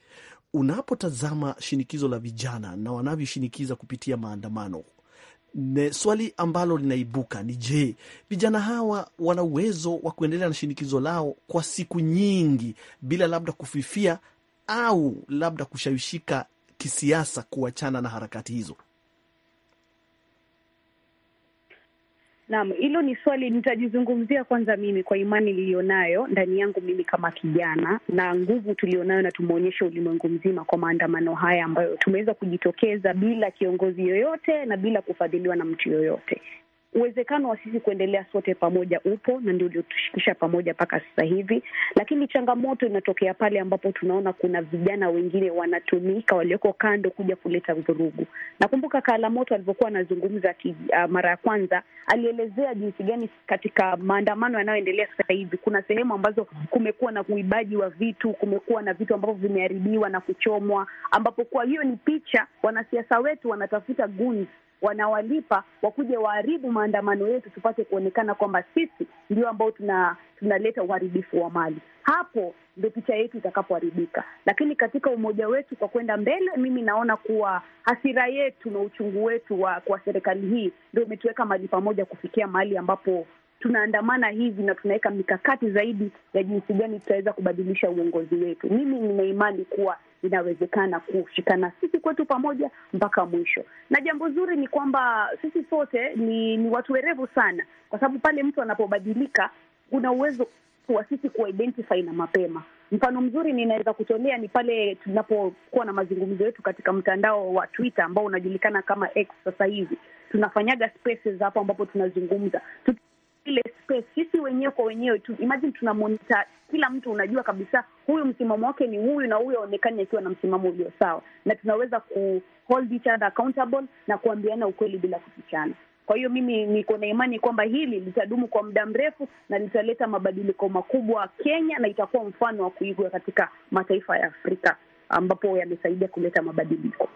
unapotazama shinikizo la vijana na wanavyoshinikiza kupitia maandamano ne, swali ambalo linaibuka ni je, vijana hawa wana uwezo wa kuendelea na shinikizo lao kwa siku nyingi bila labda kufifia au labda kushawishika kisiasa kuachana na harakati hizo? Naam, hilo ni swali nitajizungumzia kwanza mimi kwa imani niliyonayo ndani yangu mimi kama kijana na nguvu tuliyonayo na tumeonyesha ulimwengu mzima kwa maandamano haya ambayo tumeweza kujitokeza bila kiongozi yoyote na bila kufadhiliwa na mtu yoyote uwezekano wa sisi kuendelea sote pamoja upo na ndio uliotushikisha pamoja mpaka sasa hivi, lakini changamoto inatokea pale ambapo tunaona kuna vijana wengine wanatumika walioko kando kuja kuleta vurugu. Nakumbuka Kala Moto alivyokuwa anazungumza uh, mara ya kwanza alielezea jinsi gani katika maandamano yanayoendelea sasa hivi kuna sehemu ambazo kumekuwa na uibaji wa vitu, kumekuwa na vitu ambavyo vimeharibiwa na kuchomwa, ambapo kwa hiyo ni picha wanasiasa wetu wanatafuta gunzi wanawalipa wakuje waharibu maandamano yetu, tupate kuonekana kwamba sisi ndio ambao tuna tunaleta uharibifu wa mali. Hapo ndo picha yetu itakapoharibika. Lakini katika umoja wetu kwa kwenda mbele, mimi naona kuwa hasira yetu na uchungu wetu wa kwa serikali hii ndio imetuweka mali pamoja kufikia mahali ambapo tunaandamana hivi na tunaweka mikakati zaidi ya jinsi gani tutaweza kubadilisha uongozi wetu. Mimi nina imani kuwa inawezekana kushikana sisi kwetu pamoja mpaka mwisho. Na jambo zuri ni kwamba sisi sote ni, ni watu werevu sana, kwa sababu pale mtu anapobadilika kuna uwezo wa sisi kuidentify na mapema. Mfano mzuri ninaweza kutolea ni pale tunapokuwa na mazungumzo yetu katika mtandao wa Twitter ambao unajulikana kama X sasa hivi, tunafanyaga spaces hapo ambapo tunazungumza Tut ile space sisi wenyewe kwa wenyewe tu, imagine tuna monitor kila mtu, unajua kabisa huyu msimamo wake ni huyu na huyu aonekani akiwa na msimamo ulio sawa, na tunaweza ku hold each other accountable na kuambiana ukweli bila kufichana. Kwa hiyo mimi niko na imani kwamba hili litadumu kwa muda mrefu na litaleta mabadiliko makubwa Kenya, na itakuwa mfano wa kuigwa katika mataifa ya Afrika ambapo yamesaidia kuleta mabadiliko.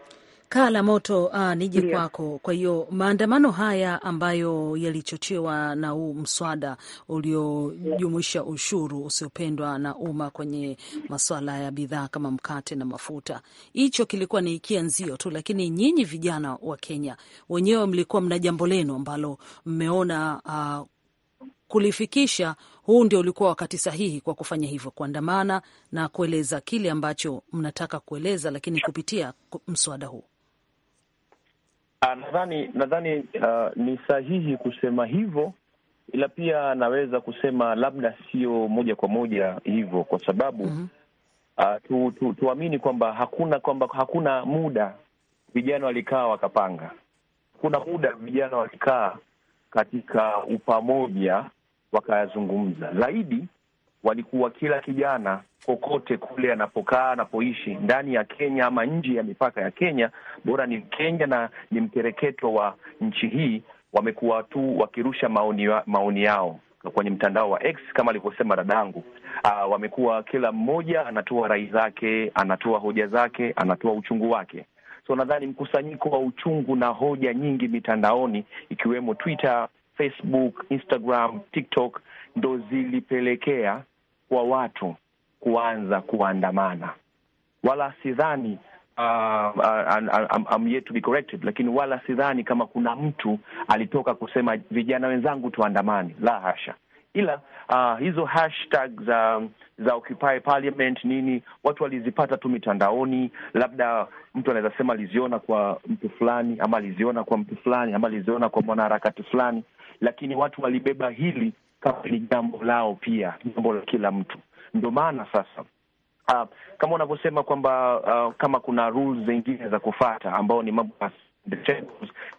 Kaa la moto uh, nije kwako. Kwa hiyo maandamano haya ambayo yalichochewa na huu mswada uliojumuisha ushuru usiopendwa na umma kwenye masuala ya bidhaa kama mkate na mafuta, hicho kilikuwa ni kianzio tu, lakini nyinyi vijana wa Kenya wenyewe mlikuwa mna jambo lenu ambalo mmeona uh, kulifikisha huu ndio ulikuwa wakati sahihi kwa kufanya hivyo, kuandamana na kueleza kile ambacho mnataka kueleza, lakini kupitia mswada huu. Ah, nadhani nadhani uh, ni sahihi kusema hivyo, ila pia naweza kusema labda sio moja kwa moja hivyo, kwa sababu mm -hmm. uh, tu, tu, tuamini kwamba hakuna kwamba hakuna muda vijana walikaa wakapanga, hakuna muda vijana walikaa katika upamoja wakayazungumza zaidi walikuwa kila kijana kokote kule anapokaa anapoishi ndani ya Kenya ama nje ya mipaka ya Kenya, bora ni Mkenya na ni mkereketo wa nchi hii, wamekuwa tu wakirusha maoni, maoni yao kwenye mtandao wa X kama alivyosema dadangu. Uh, wamekuwa kila mmoja anatoa rai zake, anatoa hoja zake, anatoa uchungu wake. So nadhani mkusanyiko wa uchungu na hoja nyingi mitandaoni ikiwemo Twitter, Facebook, Instagram, TikTok ndo zilipelekea kwa watu kuanza kuandamana. Wala sidhani Uh, uh yet to be corrected, lakini wala sidhani kama kuna mtu alitoka kusema vijana wenzangu tuandamani, la hasha, ila uh, hizo hashtag za za Occupy Parliament nini watu walizipata tu mitandaoni, labda mtu anaweza sema aliziona kwa mtu fulani ama aliziona kwa mtu fulani ama aliziona kwa mwanaharakati fulani, lakini watu walibeba hili kama ni jambo lao, pia jambo la kila mtu. Ndio maana sasa uh, kama unavyosema kwamba uh, kama kuna rules zingine za kufata ambao ni mambo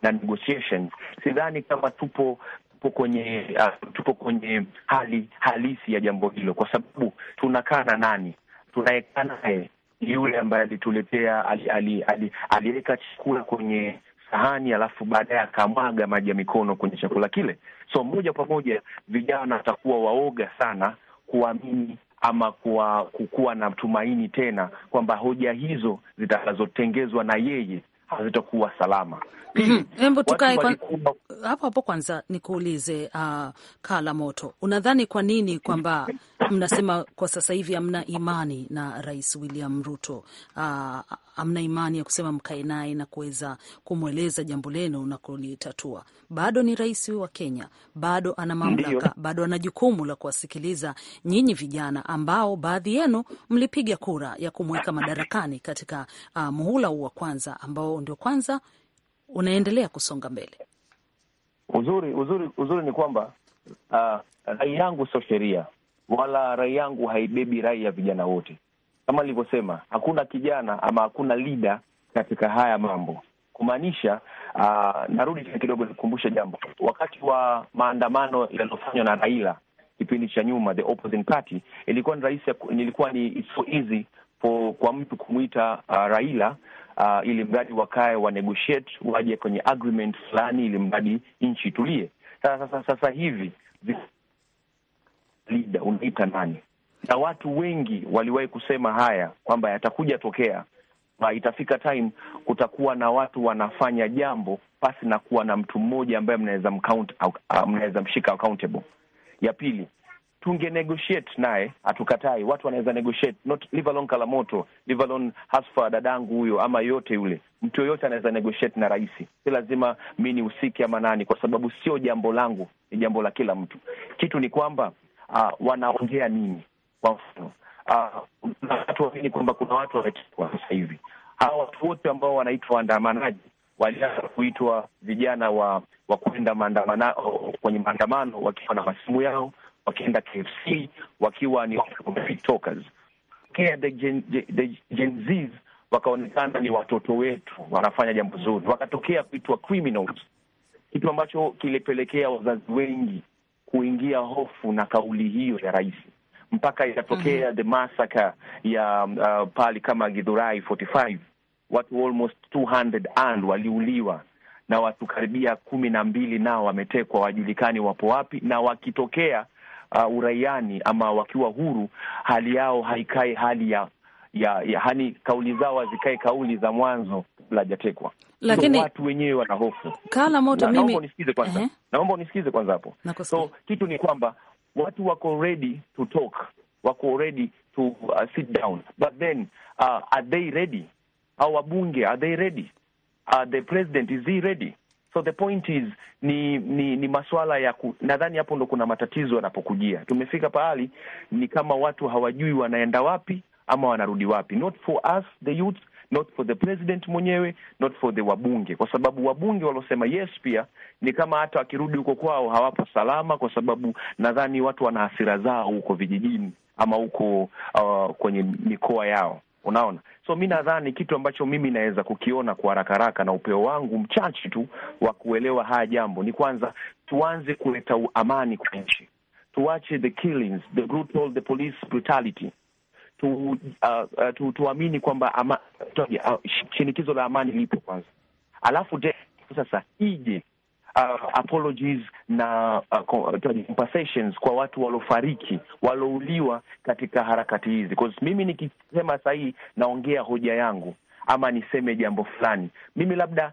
na negotiations, sidhani kama tupo tupo kwenye uh, tupo kwenye hali halisi ya jambo hilo, kwa sababu tunakaa na nani? tunaekaa naye yule ambaye alituletea, aliweka ali, ali, ali, chakula kwenye sahani, alafu baadaye akamwaga maji ya mikono kwenye chakula kile. So moja kwa moja vijana watakuwa waoga sana kuamini ama kuwa, kukuwa na tumaini tena kwamba hoja hizo zitakazotengezwa na yeye hazitakuwa salama. Mhm. tukae kwa hapo hapo kwanza nikuulize, uh, Kala Moto, unadhani kwa nini kwamba mnasema kwa sasa hivi hamna imani na Rais William Ruto? Uh, imani ya kusema mkae naye na kuweza kumweleza jambo lenu na kulitatua. Bado ni rais wa Kenya, bado ana mamlaka, bado ana jukumu la kuwasikiliza nyinyi vijana ambao baadhi yenu mlipiga kura ya kumweka madarakani katika uh, muhula huu wa kwanza ambao ndio kwanza unaendelea kusonga mbele. Uzuri uzuri uzuri ni kwamba uh, rai yangu sio sheria wala rai yangu haibebi rai ya vijana wote. Kama nilivyosema, hakuna kijana ama hakuna lida katika haya mambo, kumaanisha uh, narudi tena kidogo nikukumbushe jambo. Wakati wa maandamano yaliyofanywa na Raila kipindi cha nyuma, the opposing party, ilikuwa ni rahisi, nilikuwa ni so easy for, kwa mtu kumwita uh, ah, Raila uh, ili mradi wakae wa negotiate waje kwenye agreement fulani, ili mradi nchi itulie. Sasa, sasa, sasa hivi leader unaita nani? Na watu wengi waliwahi kusema haya kwamba yatakuja tokea na itafika time kutakuwa na watu wanafanya jambo pasi na kuwa na mtu mmoja ambaye mnaweza mcount, uh, mnaweza mshika accountable. Ya pili tunge negotiate naye, hatukatai. Watu wanaweza negotiate, not leave alone Kalamoto, leave alone Hasfa, dadangu huyo, ama yote yule mtu yoyote anaweza negotiate na rais, si lazima mi nihusike ama nani, kwa sababu sio jambo langu, ni jambo la kila mtu. Kitu ni kwamba uh, wanaongea nini? Kwa mfano uh, ah, na watu waamini kwamba kuna watu wametekwa sasa hivi. Hawa watu wote ambao wanaitwa waandamanaji walianza kuitwa vijana wa wa kwenda maandamano, kwenye maandamano wakiwa na masimu yao wakienda KFC wakiwa ni talkers. The Gen, the Gen Zs wakaonekana ni watoto wetu wanafanya jambo zuri, wakatokea kuitwa criminals, kitu ambacho kilipelekea wazazi wengi kuingia hofu na kauli hiyo ya rais mpaka ikatokea mm -hmm. the massacre ya um, uh, pali kama Githurai 45 watu almost 200 and waliuliwa na watu karibia kumi na mbili nao wametekwa, wajulikani wapo wapi, na wakitokea uh, uraiani ama wakiwa huru, hali yao haikae hali ya ya, ya hani kauli zao hazikae kauli za mwanzo la jatekwa, Lakini so, watu wenyewe wana hofu kala moto na, mimi... naomba unisikize kwanza Naomba unisikize kwanza hapo. So kitu ni kwamba watu wako ready to talk, wako ready to uh, sit down but then uh, are they ready? Au wabunge are they ready? Uh, the president is he ready? So the point is ni ni, ni masuala ya ku, nadhani hapo ndo kuna matatizo yanapokujia. Tumefika pahali ni kama watu hawajui wanaenda wapi ama wanarudi wapi. Not for us the youth, not for the president mwenyewe, not for the wabunge, kwa sababu wabunge waliosema yes pia ni kama hata wakirudi huko kwao hawapo salama, kwa sababu nadhani watu wana hasira zao huko vijijini ama huko uh, kwenye mikoa yao. Unaona, so mi nadhani kitu ambacho mimi naweza kukiona kwa haraka haraka na upeo wangu mchache tu wa kuelewa haya jambo ni kwanza, tuanze kuleta amani kwa nchi, tuache the killings, the brutal, the police brutality tu, uh, uh, tu, tuamini kwamba ama, uh, shinikizo la amani lipo kwanza, alafu sasa ije uh, apologies na uh, compensations uh, kwa watu waliofariki walouliwa katika harakati hizi. Mimi nikisema sahii naongea hoja yangu ama niseme jambo fulani, mimi labda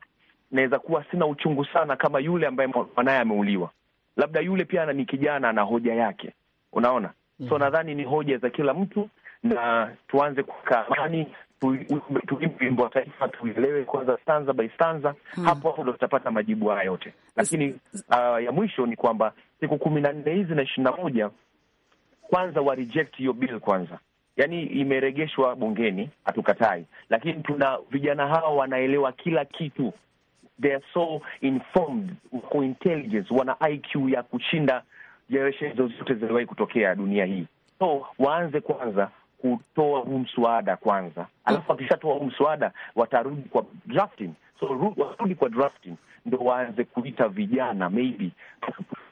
naweza kuwa sina uchungu sana kama yule ambaye mwanaye ameuliwa, labda yule pia ni kijana na hoja yake, unaona. So mhm. nadhani ni hoja za kila mtu na tuanze kuweka amani, tuimbe wimbo wa taifa, tuelewe kwanza stanza by stanza hmm. Hapo hapo ndo tutapata majibu haya yote lakini uh, ya mwisho ni kwamba siku kumi na nne hizi na ishirini na moja kwanza wa reject hiyo bill kwanza yani imeregeshwa bungeni, hatukatai, lakini tuna vijana hao wanaelewa kila kitu, they are so informed, wako intelligence, wana IQ ya kushinda generation zozote ziliwahi kutokea dunia hii, so waanze kwanza kutoa huu mswada kwanza, alafu wakishatoa huu mswada watarudi kwa drafting. So warudi kwa drafting ndo waanze kuita vijana maybe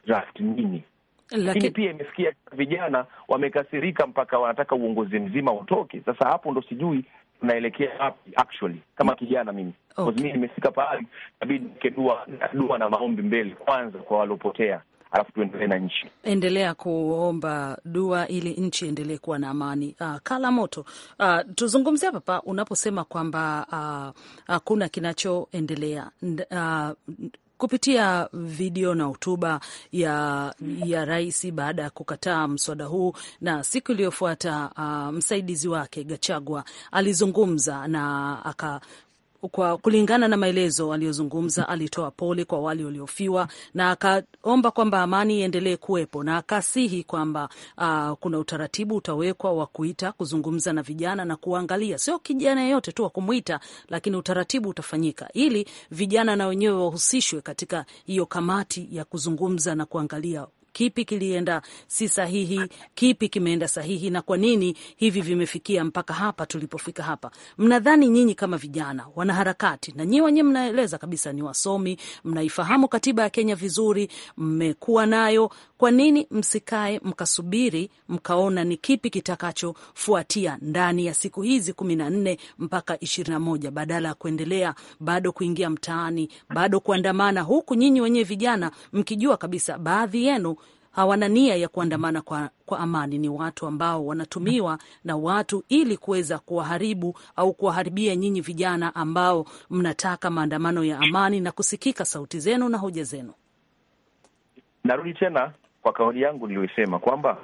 draft nini lakini pia imesikia vijana wamekasirika mpaka wanataka uongozi mzima utoke. Sasa hapo ndo sijui tunaelekea wapi actually, kama mm. kijana mimi okay. Mimi nimefika pahali nabidi dua na maombi mbele kwanza kwa waliopotea alafu tuendelee na nchi. Endelea kuomba dua ili nchi endelee kuwa na amani. Uh, ah, kala moto uh, ah, tuzungumzia papa, unaposema kwamba uh, hakuna kinachoendelea uh, kupitia video na hotuba ya, ya rais baada ya kukataa mswada huu, na siku iliyofuata uh, msaidizi wake Gachagua alizungumza na aka kwa kulingana na maelezo aliyozungumza, alitoa pole kwa wale waliofiwa na akaomba kwamba amani iendelee kuwepo na akasihi kwamba uh, kuna utaratibu utawekwa wa kuita kuzungumza na vijana na kuangalia, sio kijana yeyote tu wa kumwita, lakini utaratibu utafanyika ili vijana na wenyewe wahusishwe katika hiyo kamati ya kuzungumza na kuangalia kipi kilienda si sahihi, kipi kimeenda sahihi, na kwa nini hivi vimefikia mpaka hapa tulipofika hapa. Mnadhani nyinyi kama vijana wanaharakati, na nyinyi wenyewe mnaeleza kabisa ni wasomi, mnaifahamu katiba ya Kenya vizuri, mmekuwa nayo, kwa nini msikae mkasubiri mkaona ni kipi kitakachofuatia ndani ya siku hizi kumi na nne mpaka ishirini na moja badala ya kuendelea bado kuingia mtaani bado kuandamana, huku nyinyi wenyewe vijana mkijua kabisa baadhi yenu hawana nia ya kuandamana kwa, kwa amani. Ni watu ambao wanatumiwa na watu ili kuweza kuwaharibu au kuwaharibia nyinyi vijana ambao mnataka maandamano ya amani na kusikika sauti zenu na hoja zenu. Narudi tena kwa kauli yangu niliyoisema kwamba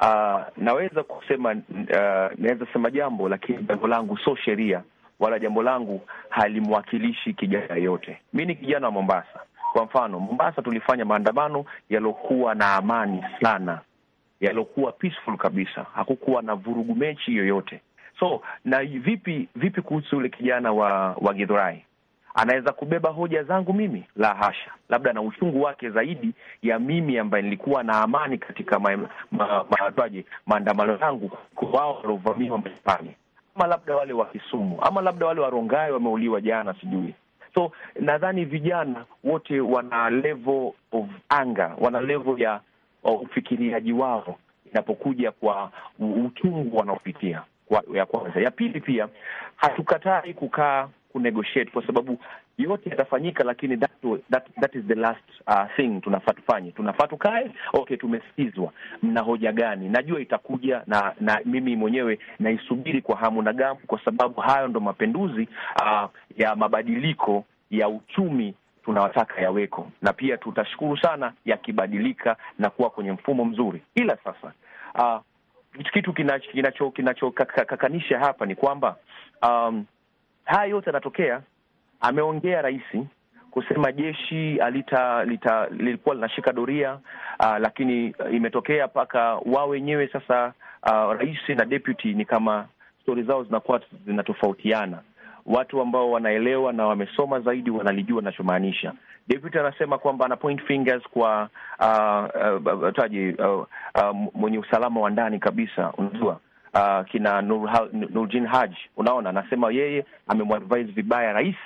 Uh, naweza kusema uh, naweza sema jambo lakini jambo langu sio sheria wala jambo langu halimwakilishi kijana yote. Mi ni kijana wa Mombasa, kwa mfano, Mombasa tulifanya maandamano yaliokuwa na amani sana, yaliokuwa peaceful kabisa, hakukuwa na vurugu mechi yoyote. So na vipi vipi kuhusu yule kijana wa wa Githurai? Anaweza kubeba hoja zangu mimi? La hasha, labda na uchungu wake zaidi ya mimi ambaye nilikuwa na amani katika ma, ma, maandamano yangu kuliko wao waliovamiwa majumbani ama labda wale wa Kisumu, ama labda wale wa Rongai wameuliwa jana, sijui So nadhani vijana wote wana level of anger, wana level ya uh, ufikiriaji wao inapokuja kwa uchungu wanaopitia kwa, ya kwanza. Ya pili pia hatukatai kukaa kunegotiate kwa sababu yote yatafanyika, lakini that, that, that is the last uh, thing tunafaa tufanye. Tunafaa tukae, okay, tumesikizwa, mna hoja gani? Najua itakuja na na mimi mwenyewe naisubiri kwa hamu na gamu, kwa sababu hayo ndo mapenduzi uh, ya mabadiliko ya uchumi tunawataka yaweko, na pia tutashukuru sana yakibadilika na kuwa kwenye mfumo mzuri. Ila sasa uh, kitu kinachokakanisha kinacho, kinacho, hapa ni kwamba um, haya yote yanatokea ameongea rais kusema jeshi alita, lita, lilikuwa linashika doria uh, lakini imetokea mpaka wao wenyewe sasa uh, rais na deputy ni kama stori zao zinakuwa zinatofautiana. Watu ambao wanaelewa na wamesoma zaidi wanalijua anachomaanisha. Deputy anasema kwamba ana point fingers kwa uh, ah, uh, taji uh, uh, mwenye usalama wa ndani kabisa, unajua uh, kina Nurjin Haj, unaona, anasema yeye amemwadvise vibaya rais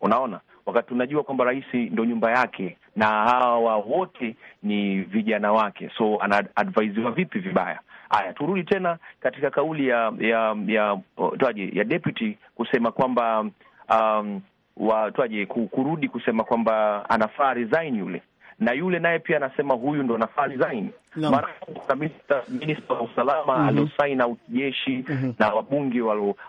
Unaona, wakati unajua kwamba rais ndo nyumba yake na hawa wote ni vijana wake, so anaadvaisiwa vipi vibaya? Haya, turudi tena katika kauli ya ya ya oh, twaje ya deputy kusema kwamba um, watwaje kurudi kusema kwamba anafaa resign yule na yule naye pia anasema huyu ndo nafaa resign. Mara kuna wa usalama mm -hmm. jeshi mm -hmm. na wabunge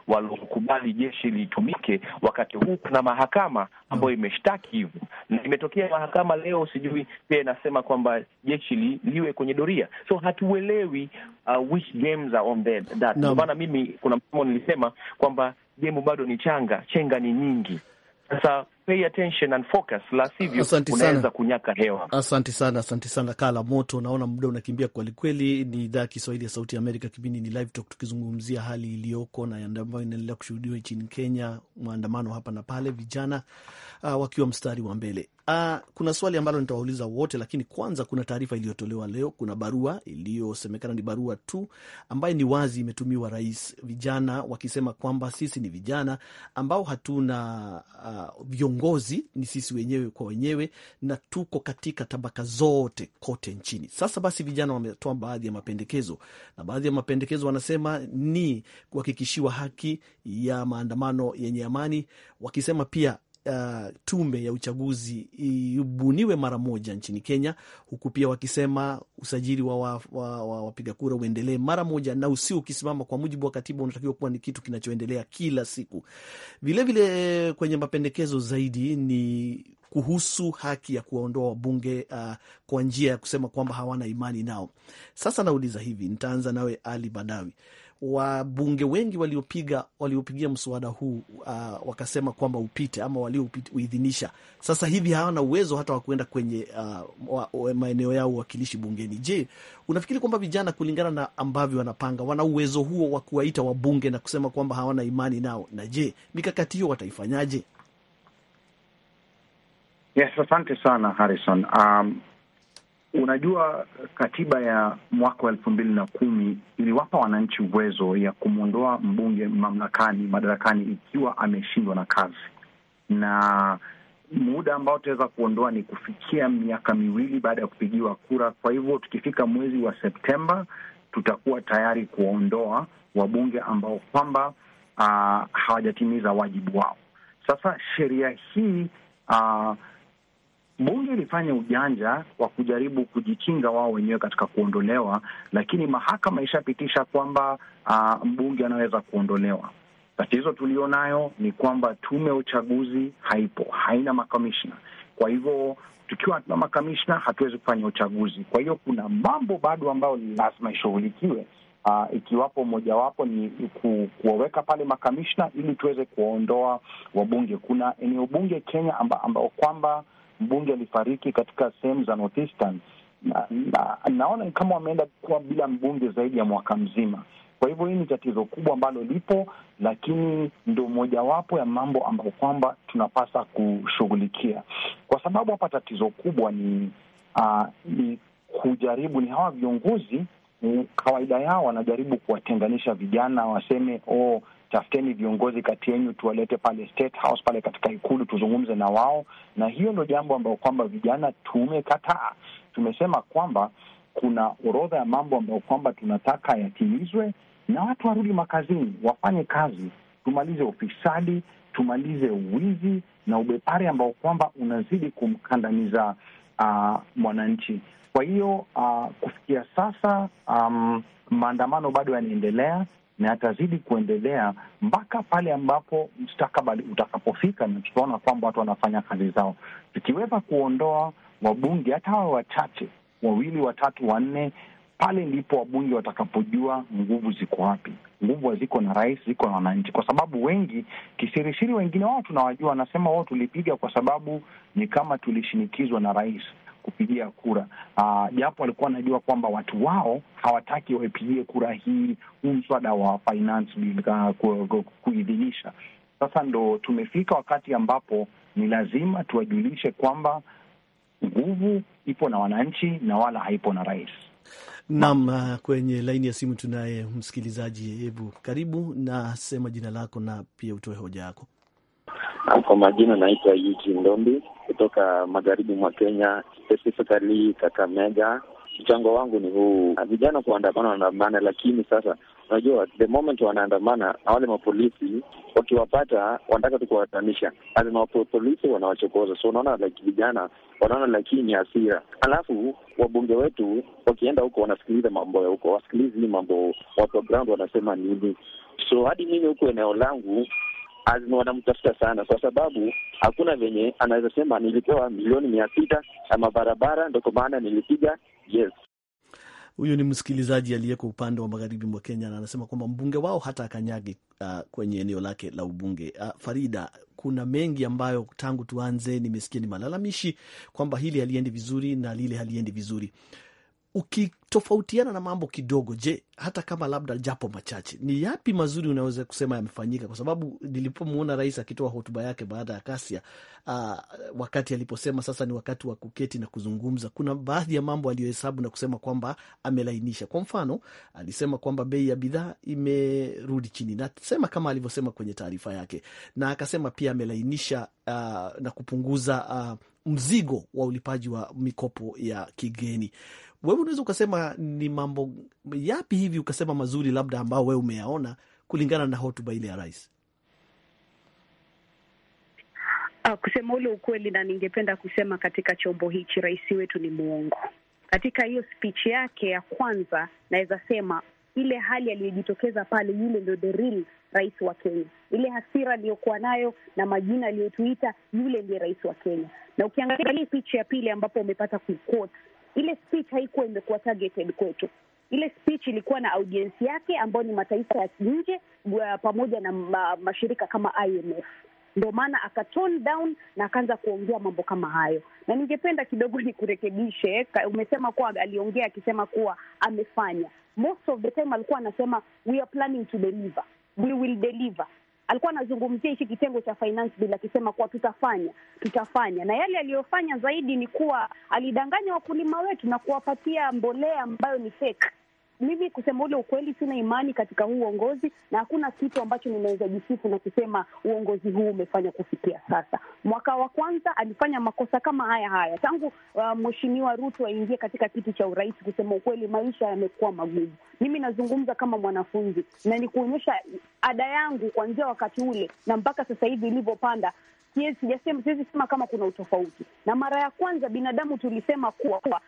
waliokubali jeshi litumike. Wakati huu kuna mahakama ambayo imeshtaki hivyo, na imetokea mahakama leo, sijui pia inasema kwamba jeshi li, liwe kwenye doria, so hatuelewi uh, which games are on that. maana mimi kuna msemo nilisema kwamba gemu bado ni changa, chenga ni nyingi sasa pay attention and focus, la sivyo unaweza kunyaka hewa. Asante sana, asante sana Kala Moto. Naona muda unakimbia kweli. Ni idhaa ya Kiswahili ya Sauti ya Amerika, kipindi ni Live Talk, tukizungumzia hali iliyoko na ambayo inaendelea kushuhudiwa nchini Kenya, maandamano hapa na pale, vijana uh, wakiwa mstari wa mbele. Uh, kuna swali ambalo nitawauliza wote, lakini kwanza kuna taarifa iliyotolewa leo. Kuna barua iliyosemekana ni barua tu ambayo ni wazi imetumiwa rais, vijana wakisema kwamba sisi ni vijana ambao hatuna uh, viongozi ni sisi wenyewe kwa wenyewe, na tuko katika tabaka zote kote nchini. Sasa basi, vijana wametoa baadhi ya mapendekezo, na baadhi ya mapendekezo wanasema ni kuhakikishiwa haki ya maandamano yenye amani, wakisema pia uh, tume ya uchaguzi ibuniwe mara moja nchini Kenya, huku pia wakisema usajili wa, wa, wa, wa wapiga kura uendelee mara moja, na usio ukisimama kwa mujibu wa katiba unatakiwa kuwa ni kitu kinachoendelea kila siku. Vilevile vile eh, kwenye mapendekezo zaidi ni kuhusu haki ya kuwaondoa wabunge uh, kwa njia ya kusema kwamba hawana imani nao. Sasa nauliza hivi, nitaanza nawe Ali Badawi wabunge wengi waliopiga waliopigia mswada huu uh, wakasema kwamba upite ama waliouidhinisha, sasa hivi hawana uwezo hata wa kuenda kwenye uh, maeneo yao uwakilishi bungeni. Je, unafikiri kwamba vijana, kulingana na ambavyo wanapanga, wana uwezo huo wa kuwaita wabunge na kusema kwamba hawana imani nao? Na je, mikakati hiyo wataifanyaje? Yes, asante sana Harrison. Um, Unajua, katiba ya mwaka wa elfu mbili na kumi iliwapa wananchi uwezo ya kumwondoa mbunge mamlakani madarakani ikiwa ameshindwa na kazi, na muda ambao tutaweza kuondoa ni kufikia miaka miwili baada ya kupigiwa kura. Kwa hivyo tukifika mwezi wa Septemba tutakuwa tayari kuwaondoa wabunge ambao kwamba ah, hawajatimiza wajibu wao. Sasa sheria hii uh, bunge ilifanya ujanja wa kujaribu kujikinga wao wenyewe katika kuondolewa, lakini mahakama ishapitisha kwamba uh, mbunge anaweza kuondolewa. Tatizo tulionayo ni kwamba tume ya uchaguzi haipo, haina makamishna. Kwa hivyo tukiwa hatuna makamishna, hatuwezi kufanya uchaguzi. Kwa hiyo kuna mambo bado ambayo lazima ishughulikiwe. Uh, ikiwapo mojawapo ni ku, kuwaweka pale makamishna ili tuweze kuwaondoa wabunge. Kuna eneo bunge Kenya ambao amba, kwamba mbunge alifariki katika sehemu za North Eastern, na, na, naona kama wameenda kuwa bila mbunge zaidi ya mwaka mzima. Kwa hivyo hii ni tatizo kubwa ambalo lipo, lakini ndo mojawapo ya mambo ambayo kwamba tunapasa kushughulikia, kwa sababu hapa tatizo kubwa ni, uh, ni kujaribu, ni hawa viongozi kawaida yao wanajaribu kuwatenganisha vijana, waseme oh, tafuteni viongozi kati yenyu, tuwalete pale State House, pale katika Ikulu, tuzungumze na wao. Na hiyo ndio jambo ambayo kwamba vijana tumekataa. Tumesema kwamba kuna orodha ya mambo ambayo kwamba tunataka yatimizwe, na watu warudi makazini, wafanye kazi, tumalize ufisadi, tumalize uwizi na ubepari ambao kwamba unazidi kumkandamiza uh, mwananchi. Kwa hiyo uh, kufikia sasa um, maandamano bado yanaendelea, na yatazidi kuendelea mpaka pale ambapo mstakabali utakapofika na tutaona kwamba watu wanafanya kazi zao. Tukiweza kuondoa wabunge hata hawa wachache wawili, watatu, wanne, pale ndipo wabunge watakapojua nguvu ziko wapi. Nguvu haziko na rais, ziko na wananchi, kwa sababu wengi kisirisiri, wengine wao tunawajua, wanasema wao oh, tulipiga kwa sababu ni kama tulishinikizwa na rais kupigia kura, ah, japo walikuwa wanajua kwamba watu wao hawataki waipigie kura hii huu mswada wa finance bill ah, kuidhinisha. Sasa ndo tumefika wakati ambapo ni lazima tuwajulishe kwamba nguvu ipo na wananchi na wala haipo na rais. Naam, ah, kwenye laini ya simu tunaye msikilizaji. Hebu karibu na sema jina lako na pia utoe hoja yako. Ah, kwa majina naitwa Yuji Ndombi kutoka magharibi mwa Kenya, specifically Kakamega. Mchango wangu ni huu, ah, vijana kuandamana, wanaandamana, lakini sasa unajua the moment wanaandamana na wale mapolisi wakiwapata, wanataka tu kuwatanisha, lazima polisi wanawachokoza. So unaona like vijana wanaona lakini hasira, alafu wabunge wetu wakienda huko wanasikiliza mambo ya huko, wasikilizi mambo watu wa ground wanasema nini. So hadi mimi huku eneo langu azma wanamtafuta sana, kwa sababu hakuna venye anaweza sema nilipewa milioni mia sita ama barabara, ndo kwa maana nilipiga yes. Huyu ni msikilizaji aliyeko upande wa magharibi mwa Kenya na anasema kwamba mbunge wao hata akanyagi uh, kwenye eneo lake la ubunge. Uh, Farida, kuna mengi ambayo tangu tuanze nimesikia ni malalamishi kwamba hili haliendi vizuri na lile haliendi vizuri ukitofautiana na mambo kidogo, je, hata kama labda japo machache, ni yapi mazuri unaweza kusema yamefanyika? Kwa sababu nilipomwona rais akitoa hotuba yake baada ya kasia, uh, wakati aliposema sasa ni wakati wa kuketi na kuzungumza, kuna baadhi ya mambo aliyohesabu na kusema kwamba amelainisha. Kwa mfano, alisema kwamba bei ya bidhaa imerudi chini, nasema kama alivyosema kwenye taarifa yake, na akasema pia amelainisha uh, na kupunguza uh, mzigo wa ulipaji wa mikopo ya kigeni wewe unaweza ukasema ni mambo yapi hivi ukasema mazuri labda ambao wewe umeyaona kulingana na hotuba ile ya rais? Uh, kusema ule ukweli, na ningependa kusema katika chombo hichi rais wetu ni mwongo. Katika hiyo spichi yake ya kwanza, naweza sema ile hali aliyojitokeza pale, yule ndio the real rais wa Kenya. Ile hasira aliyokuwa nayo na majina aliyotuita, yule ndiye rais wa Kenya. Na ukiangalia picha ya pili ambapo umepata kuquote ile speech haikuwa imekuwa targeted kwetu. Ile speech ilikuwa na audiensi yake ambayo ni mataifa ya nje pamoja na ma, mashirika kama IMF ndio maana akatone down na akaanza kuongea mambo kama hayo, na ningependa kidogo nikurekebishe. Umesema kuwa aliongea akisema kuwa amefanya, most of the time alikuwa anasema we are planning to deliver, we will deliver alikuwa anazungumzia hichi kitengo cha finance bill akisema kuwa tutafanya tutafanya, na yale aliyofanya zaidi ni kuwa alidanganya wakulima wetu na kuwapatia mbolea ambayo ni fake mimi kusema ule ukweli, sina imani katika huu uongozi, na hakuna kitu ambacho ninaweza jisifu na kusema uongozi huu umefanya kufikia sasa. Mwaka wa kwanza alifanya makosa kama haya haya tangu uh, mheshimiwa Ruto aingie katika kiti cha urais. Kusema ukweli, maisha yamekuwa magumu. Mimi nazungumza kama mwanafunzi na ni kuonyesha ada yangu kuanzia wakati ule na mpaka sasa hivi ilivyopanda Siwezi sema kama kuna utofauti. Na mara ya kwanza binadamu tulisema kuwa, kuwa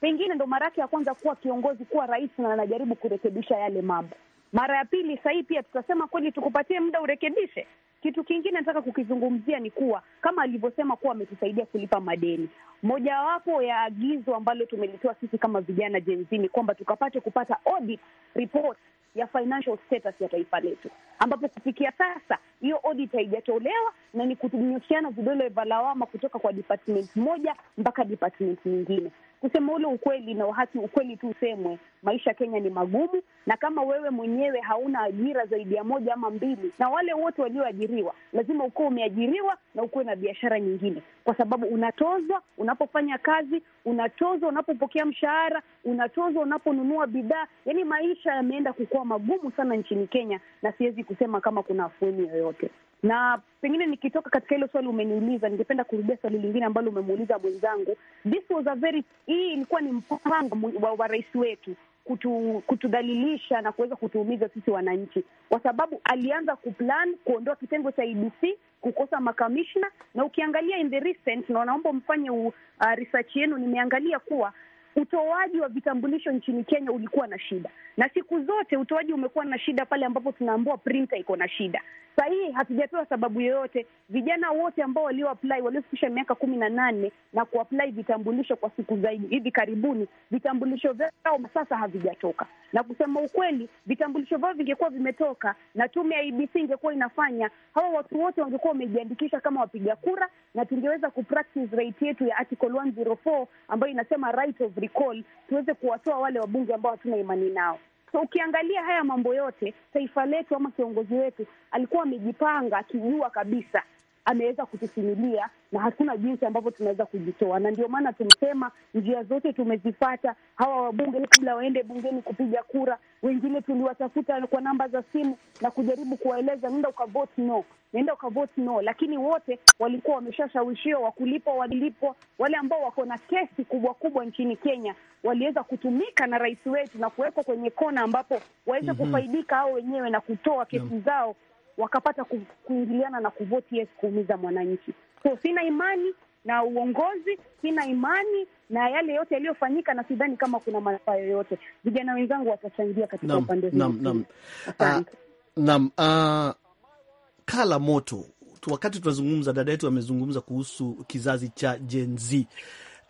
pengine ndo mara yake ya kwanza kuwa kiongozi, kuwa rais, na anajaribu kurekebisha yale mambo. Mara ya pili sahii pia tutasema kweli, tukupatie muda urekebishe. Kitu kingine nataka kukizungumzia ni kuwa kama alivyosema kuwa ametusaidia kulipa madeni. Mojawapo ya agizo ambalo tumelitoa sisi kama vijana Gen Z ni kwamba tukapate kupata audit report ya financial status ya taifa letu, ambapo kufikia sasa hiyo audit haijatolewa na ni kutunyoshiana vidole vya lawama kutoka kwa department moja mpaka department nyingine kusema ule ukweli na uhaki, ukweli tu usemwe, maisha Kenya ni magumu, na kama wewe mwenyewe hauna ajira zaidi ya moja ama mbili, na wale wote walioajiriwa lazima ukuwe umeajiriwa na ukuwe na biashara nyingine, kwa sababu unatozwa unapofanya kazi, unatozwa unapopokea mshahara, unatozwa unaponunua bidhaa. Yani maisha yameenda kukuwa magumu sana nchini Kenya, na siwezi kusema kama kuna afueni yoyote. Na pengine nikitoka katika hilo swali umeniuliza, ningependa kurudia swali lingine ambalo umemuuliza mwenzangu. This was a very, hii ilikuwa ni mpango wa, wa rais wetu kutu, kutudhalilisha na kuweza kutuumiza sisi wananchi, kwa sababu alianza kuplan kuondoa kitengo cha IBC, e kukosa makamishna, na ukiangalia in the recent, na naomba mfanye uh, research yenu, nimeangalia kuwa utoaji wa vitambulisho nchini Kenya ulikuwa na shida, na siku zote utoaji umekuwa na shida pale ambapo tunaambua printa iko na shida. Saa hii hatujapewa sababu yoyote. Vijana wote ambao walioapply waliofikisha miaka kumi na nane na kuapply vitambulisho kwa siku zaidi hivi karibuni, vitambulisho vyao sasa havijatoka, na kusema ukweli, vitambulisho vyao vingekuwa vimetoka na tume ya IBC e ingekuwa inafanya, hawa watu wote wangekuwa wamejiandikisha kama wapiga kura, na tungeweza kupractice right yetu ya article 104 ambayo inasema right of recall, tuweze kuwatoa wale wabunge ambao hatuna imani nao. So ukiangalia haya mambo yote, taifa letu ama kiongozi wetu alikuwa amejipanga akijua kabisa ameweza kutusimulia na hatuna jinsi ambavyo tunaweza kujitoa, na ndio maana tumesema njia zote tumezifata. Hawa wabunge kabla waende bungeni kupiga kura, wengine tuliwatafuta kwa namba za simu na kujaribu kuwaeleza, nenda ukavote no, nenda ukavote no, lakini wote walikuwa wameshashawishiwa wakulipwa, walilipwa. Wale ambao wako na kesi kubwa kubwa nchini Kenya waliweza kutumika na rais wetu na kuwekwa kwenye kona ambapo waweze mm -hmm. kufaidika hao wenyewe na kutoa kesi yeah. zao wakapata kuingiliana na kuvoti yes kuumiza mwananchi. So sina imani na uongozi, sina imani na yale yote yaliyofanyika, na sidhani kama kuna manufaa yoyote. Vijana wenzangu watachangia katika upande huu. uh, ah, ah, kala moto wakati tunazungumza, dada yetu amezungumza kuhusu kizazi cha Gen Z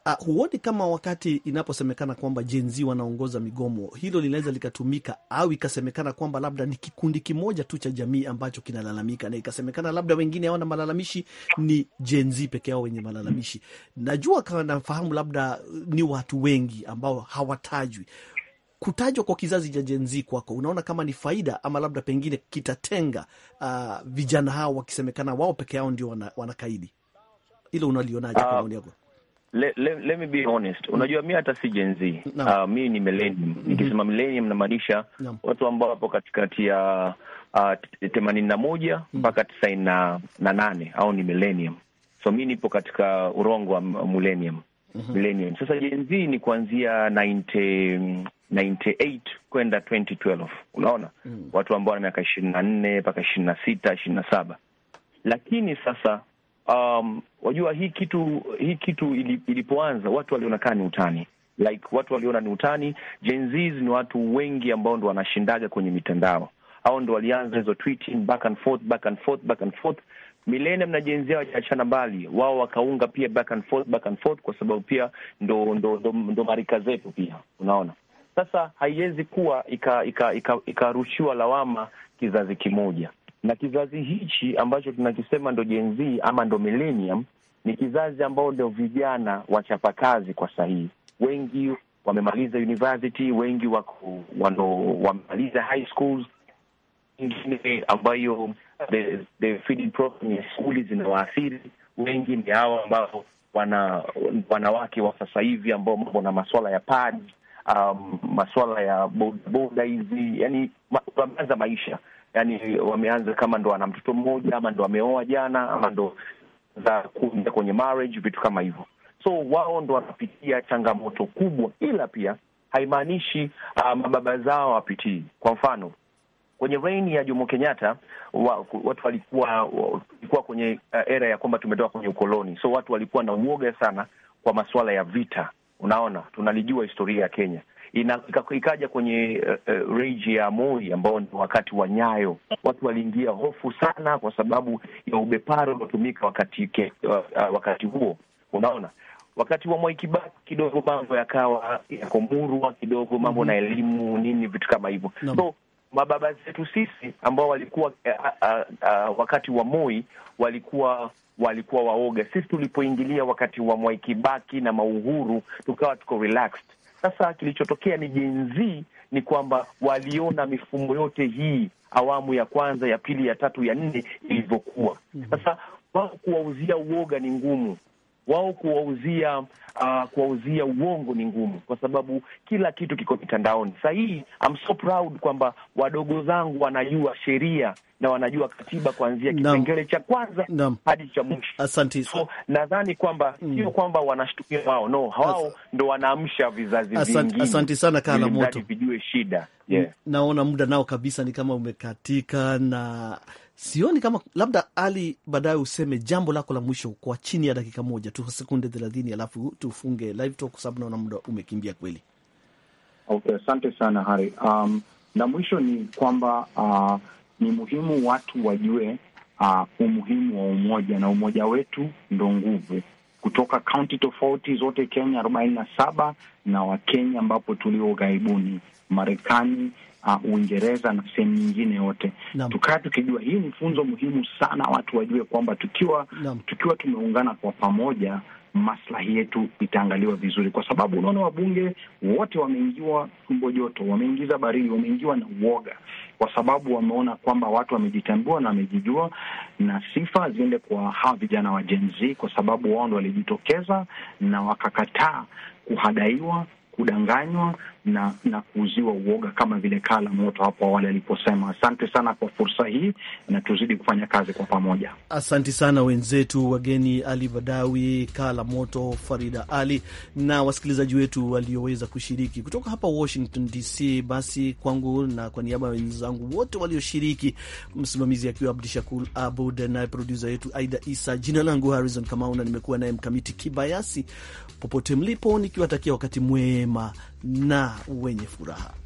uh, huoni kama wakati inaposemekana kwamba Gen Z wanaongoza migomo, hilo linaweza likatumika au ikasemekana kwamba labda ni kikundi kimoja tu cha jamii ambacho kinalalamika, na ikasemekana labda wengine hawana malalamishi, ni Gen Z peke yao wenye malalamishi. Najua kama nafahamu, labda ni watu wengi ambao hawatajwi kutajwa kwa kizazi cha Gen Z kwako, unaona kama ni faida ama labda pengine kitatenga uh, vijana hao wakisemekana wao peke yao ndio wanakaidi wana hilo unalionaje? Uh, kwa ah, maoni yako Le, le, let me be honest. Mm. Unajua, mi hata si Gen Z no. Uh, ah, mi ni millennium. Mm-hmm. Nikisema millennium namaanisha no. watu ambao wapo katikati ya uh, themanini na moja mm. mpaka mm. tisaini na nane au ni millennium. So mi nipo katika urongo wa millennium. Mm -hmm. Millennium. Sasa Gen Z ni kuanzia 90, 98 kwenda 2012 unaona mm. watu ambao wana miaka ishirini na nne mpaka ishirini na sita ishirini na saba lakini sasa um, wajua hii kitu hii kitu ilipoanza watu kaa ni utani like watu waliona ni utani. Gen Z ni watu wengi ambao ndo wanashindaga kwenye mitandao, au ndo walianza hizo tweeting back and forth, back and forth, back and forth. Millennium na Gen Z wajaachana mbali, wao wakaunga pia back and forth, back and forth, kwa sababu pia ndo ndo ndo, ndo marika zetu pia, unaona sasa haiwezi kuwa ikarushiwa ika, ika, ika lawama kizazi kimoja na kizazi hichi ambacho tunakisema ndo Gen Z ama ndo millennium ni kizazi ambao ndio vijana wachapakazi kwa sahihi, wengi wamemaliza university, wengi wako wamemaliza high schools ingine ambayo the, the feeding program ya skuli zinawaathiri. Wengi ni hawa ambao wana wanawake wa sasa hivi ambao mambo na maswala ya pad um, maswala ya bodaboda hizi, yani ma, maisha yani wameanza kama ndo ana mtoto mmoja ama ndo ameoa jana ama ndo za kuingia kwenye marriage, vitu kama hivyo. So wao ndo wanapitia changamoto kubwa, ila pia haimaanishi uh, mababa zao wapitii. Kwa mfano kwenye reini ya Jomo Kenyatta wa, watu walikuwa walikuwa kwenye uh, era ya kwamba tumetoka kwenye ukoloni, so watu walikuwa na uoga sana kwa masuala ya vita. Unaona, tunalijua historia ya Kenya ikaja kwenye uh, eh, uh, eh, reji ya Moi ambao ni wakati wa Nyayo. Watu waliingia hofu sana, kwa sababu ya ubepari uliotumika wakati uh, uh, wakati huo. Unaona, wakati wa Mwai Kibaki kidogo mambo yakawa yakomurwa kidogo mambo mm -hmm. na mhm. elimu nini vitu kama hivyo no. so mababa zetu sisi ambao walikuwa uh, uh, uh, wakati wa Moi walikuwa walikuwa waoga. Sisi tulipoingilia wakati wa Mwai Kibaki na mauhuru tukawa tuko relaxed sasa kilichotokea ni jenzii, ni kwamba waliona mifumo yote hii awamu ya kwanza, ya pili, ya tatu, ya nne ilivyokuwa. Mhm. Sasa wao kuwauzia uoga ni ngumu, wao kuwauzia uh, kuwauzia uongo ni ngumu, kwa sababu kila kitu kiko mitandaoni saa hii. I'm so proud kwamba wadogo zangu wanajua sheria na wanajua katiba kuanzia kipengele cha kwanza hadi cha mwisho. Asante. So nadhani kwamba mm, sio kwamba wanashtukia wao, no, wao ndo wanaamsha vizazi vingi. Asante sana Kala Moto, vijue shida. Yeah. Naona muda nao kabisa ni kama umekatika na Sioni kama labda Ali, baadaye useme jambo lako la mwisho kwa chini ya dakika moja tu, sekunde thelathini, alafu tufunge live talk kwa sababu naona muda umekimbia kweli. Okay, asante sana Hari. Um, na mwisho ni kwamba uh, ni muhimu watu wajue uh, umuhimu wa umoja na umoja wetu ndo nguvu kutoka kaunti tofauti zote Kenya arobaini na saba na Wakenya ambapo tulio ughaibuni Marekani uh, Uingereza na sehemu nyingine yote, tukaa tukijua. Hii ni funzo muhimu sana, watu wajue kwamba tukiwa tukiwa tumeungana kwa pamoja maslahi yetu itaangaliwa vizuri, kwa sababu unaona wabunge wote wameingiwa tumbo joto, wameingiza baridi, wameingiwa na uoga, kwa sababu wameona kwamba watu wamejitambua na wamejijua, na sifa ziende kwa hawa vijana wa Gen Z, kwa sababu wao ndo walijitokeza na wakakataa kuhadaiwa, kudanganywa na na kuuziwa uoga kama vile kala moto hapo awali aliposema. Asante sana kwa fursa hii na tuzidi kufanya kazi kwa pamoja. Asante sana wenzetu wageni Ali Badawi, kala moto, Farida Ali na wasikilizaji wetu walioweza kushiriki kutoka hapa Washington DC. Basi kwangu na kwa niaba ya wenzangu wote walioshiriki, msimamizi akiwa abdishakur Shakur Abud naye produsa yetu Aida Isa, jina langu Harrison Kamau na nimekuwa naye Mkamiti Kibayasi, popote mlipo nikiwatakia wakati mwema na wenye furaha.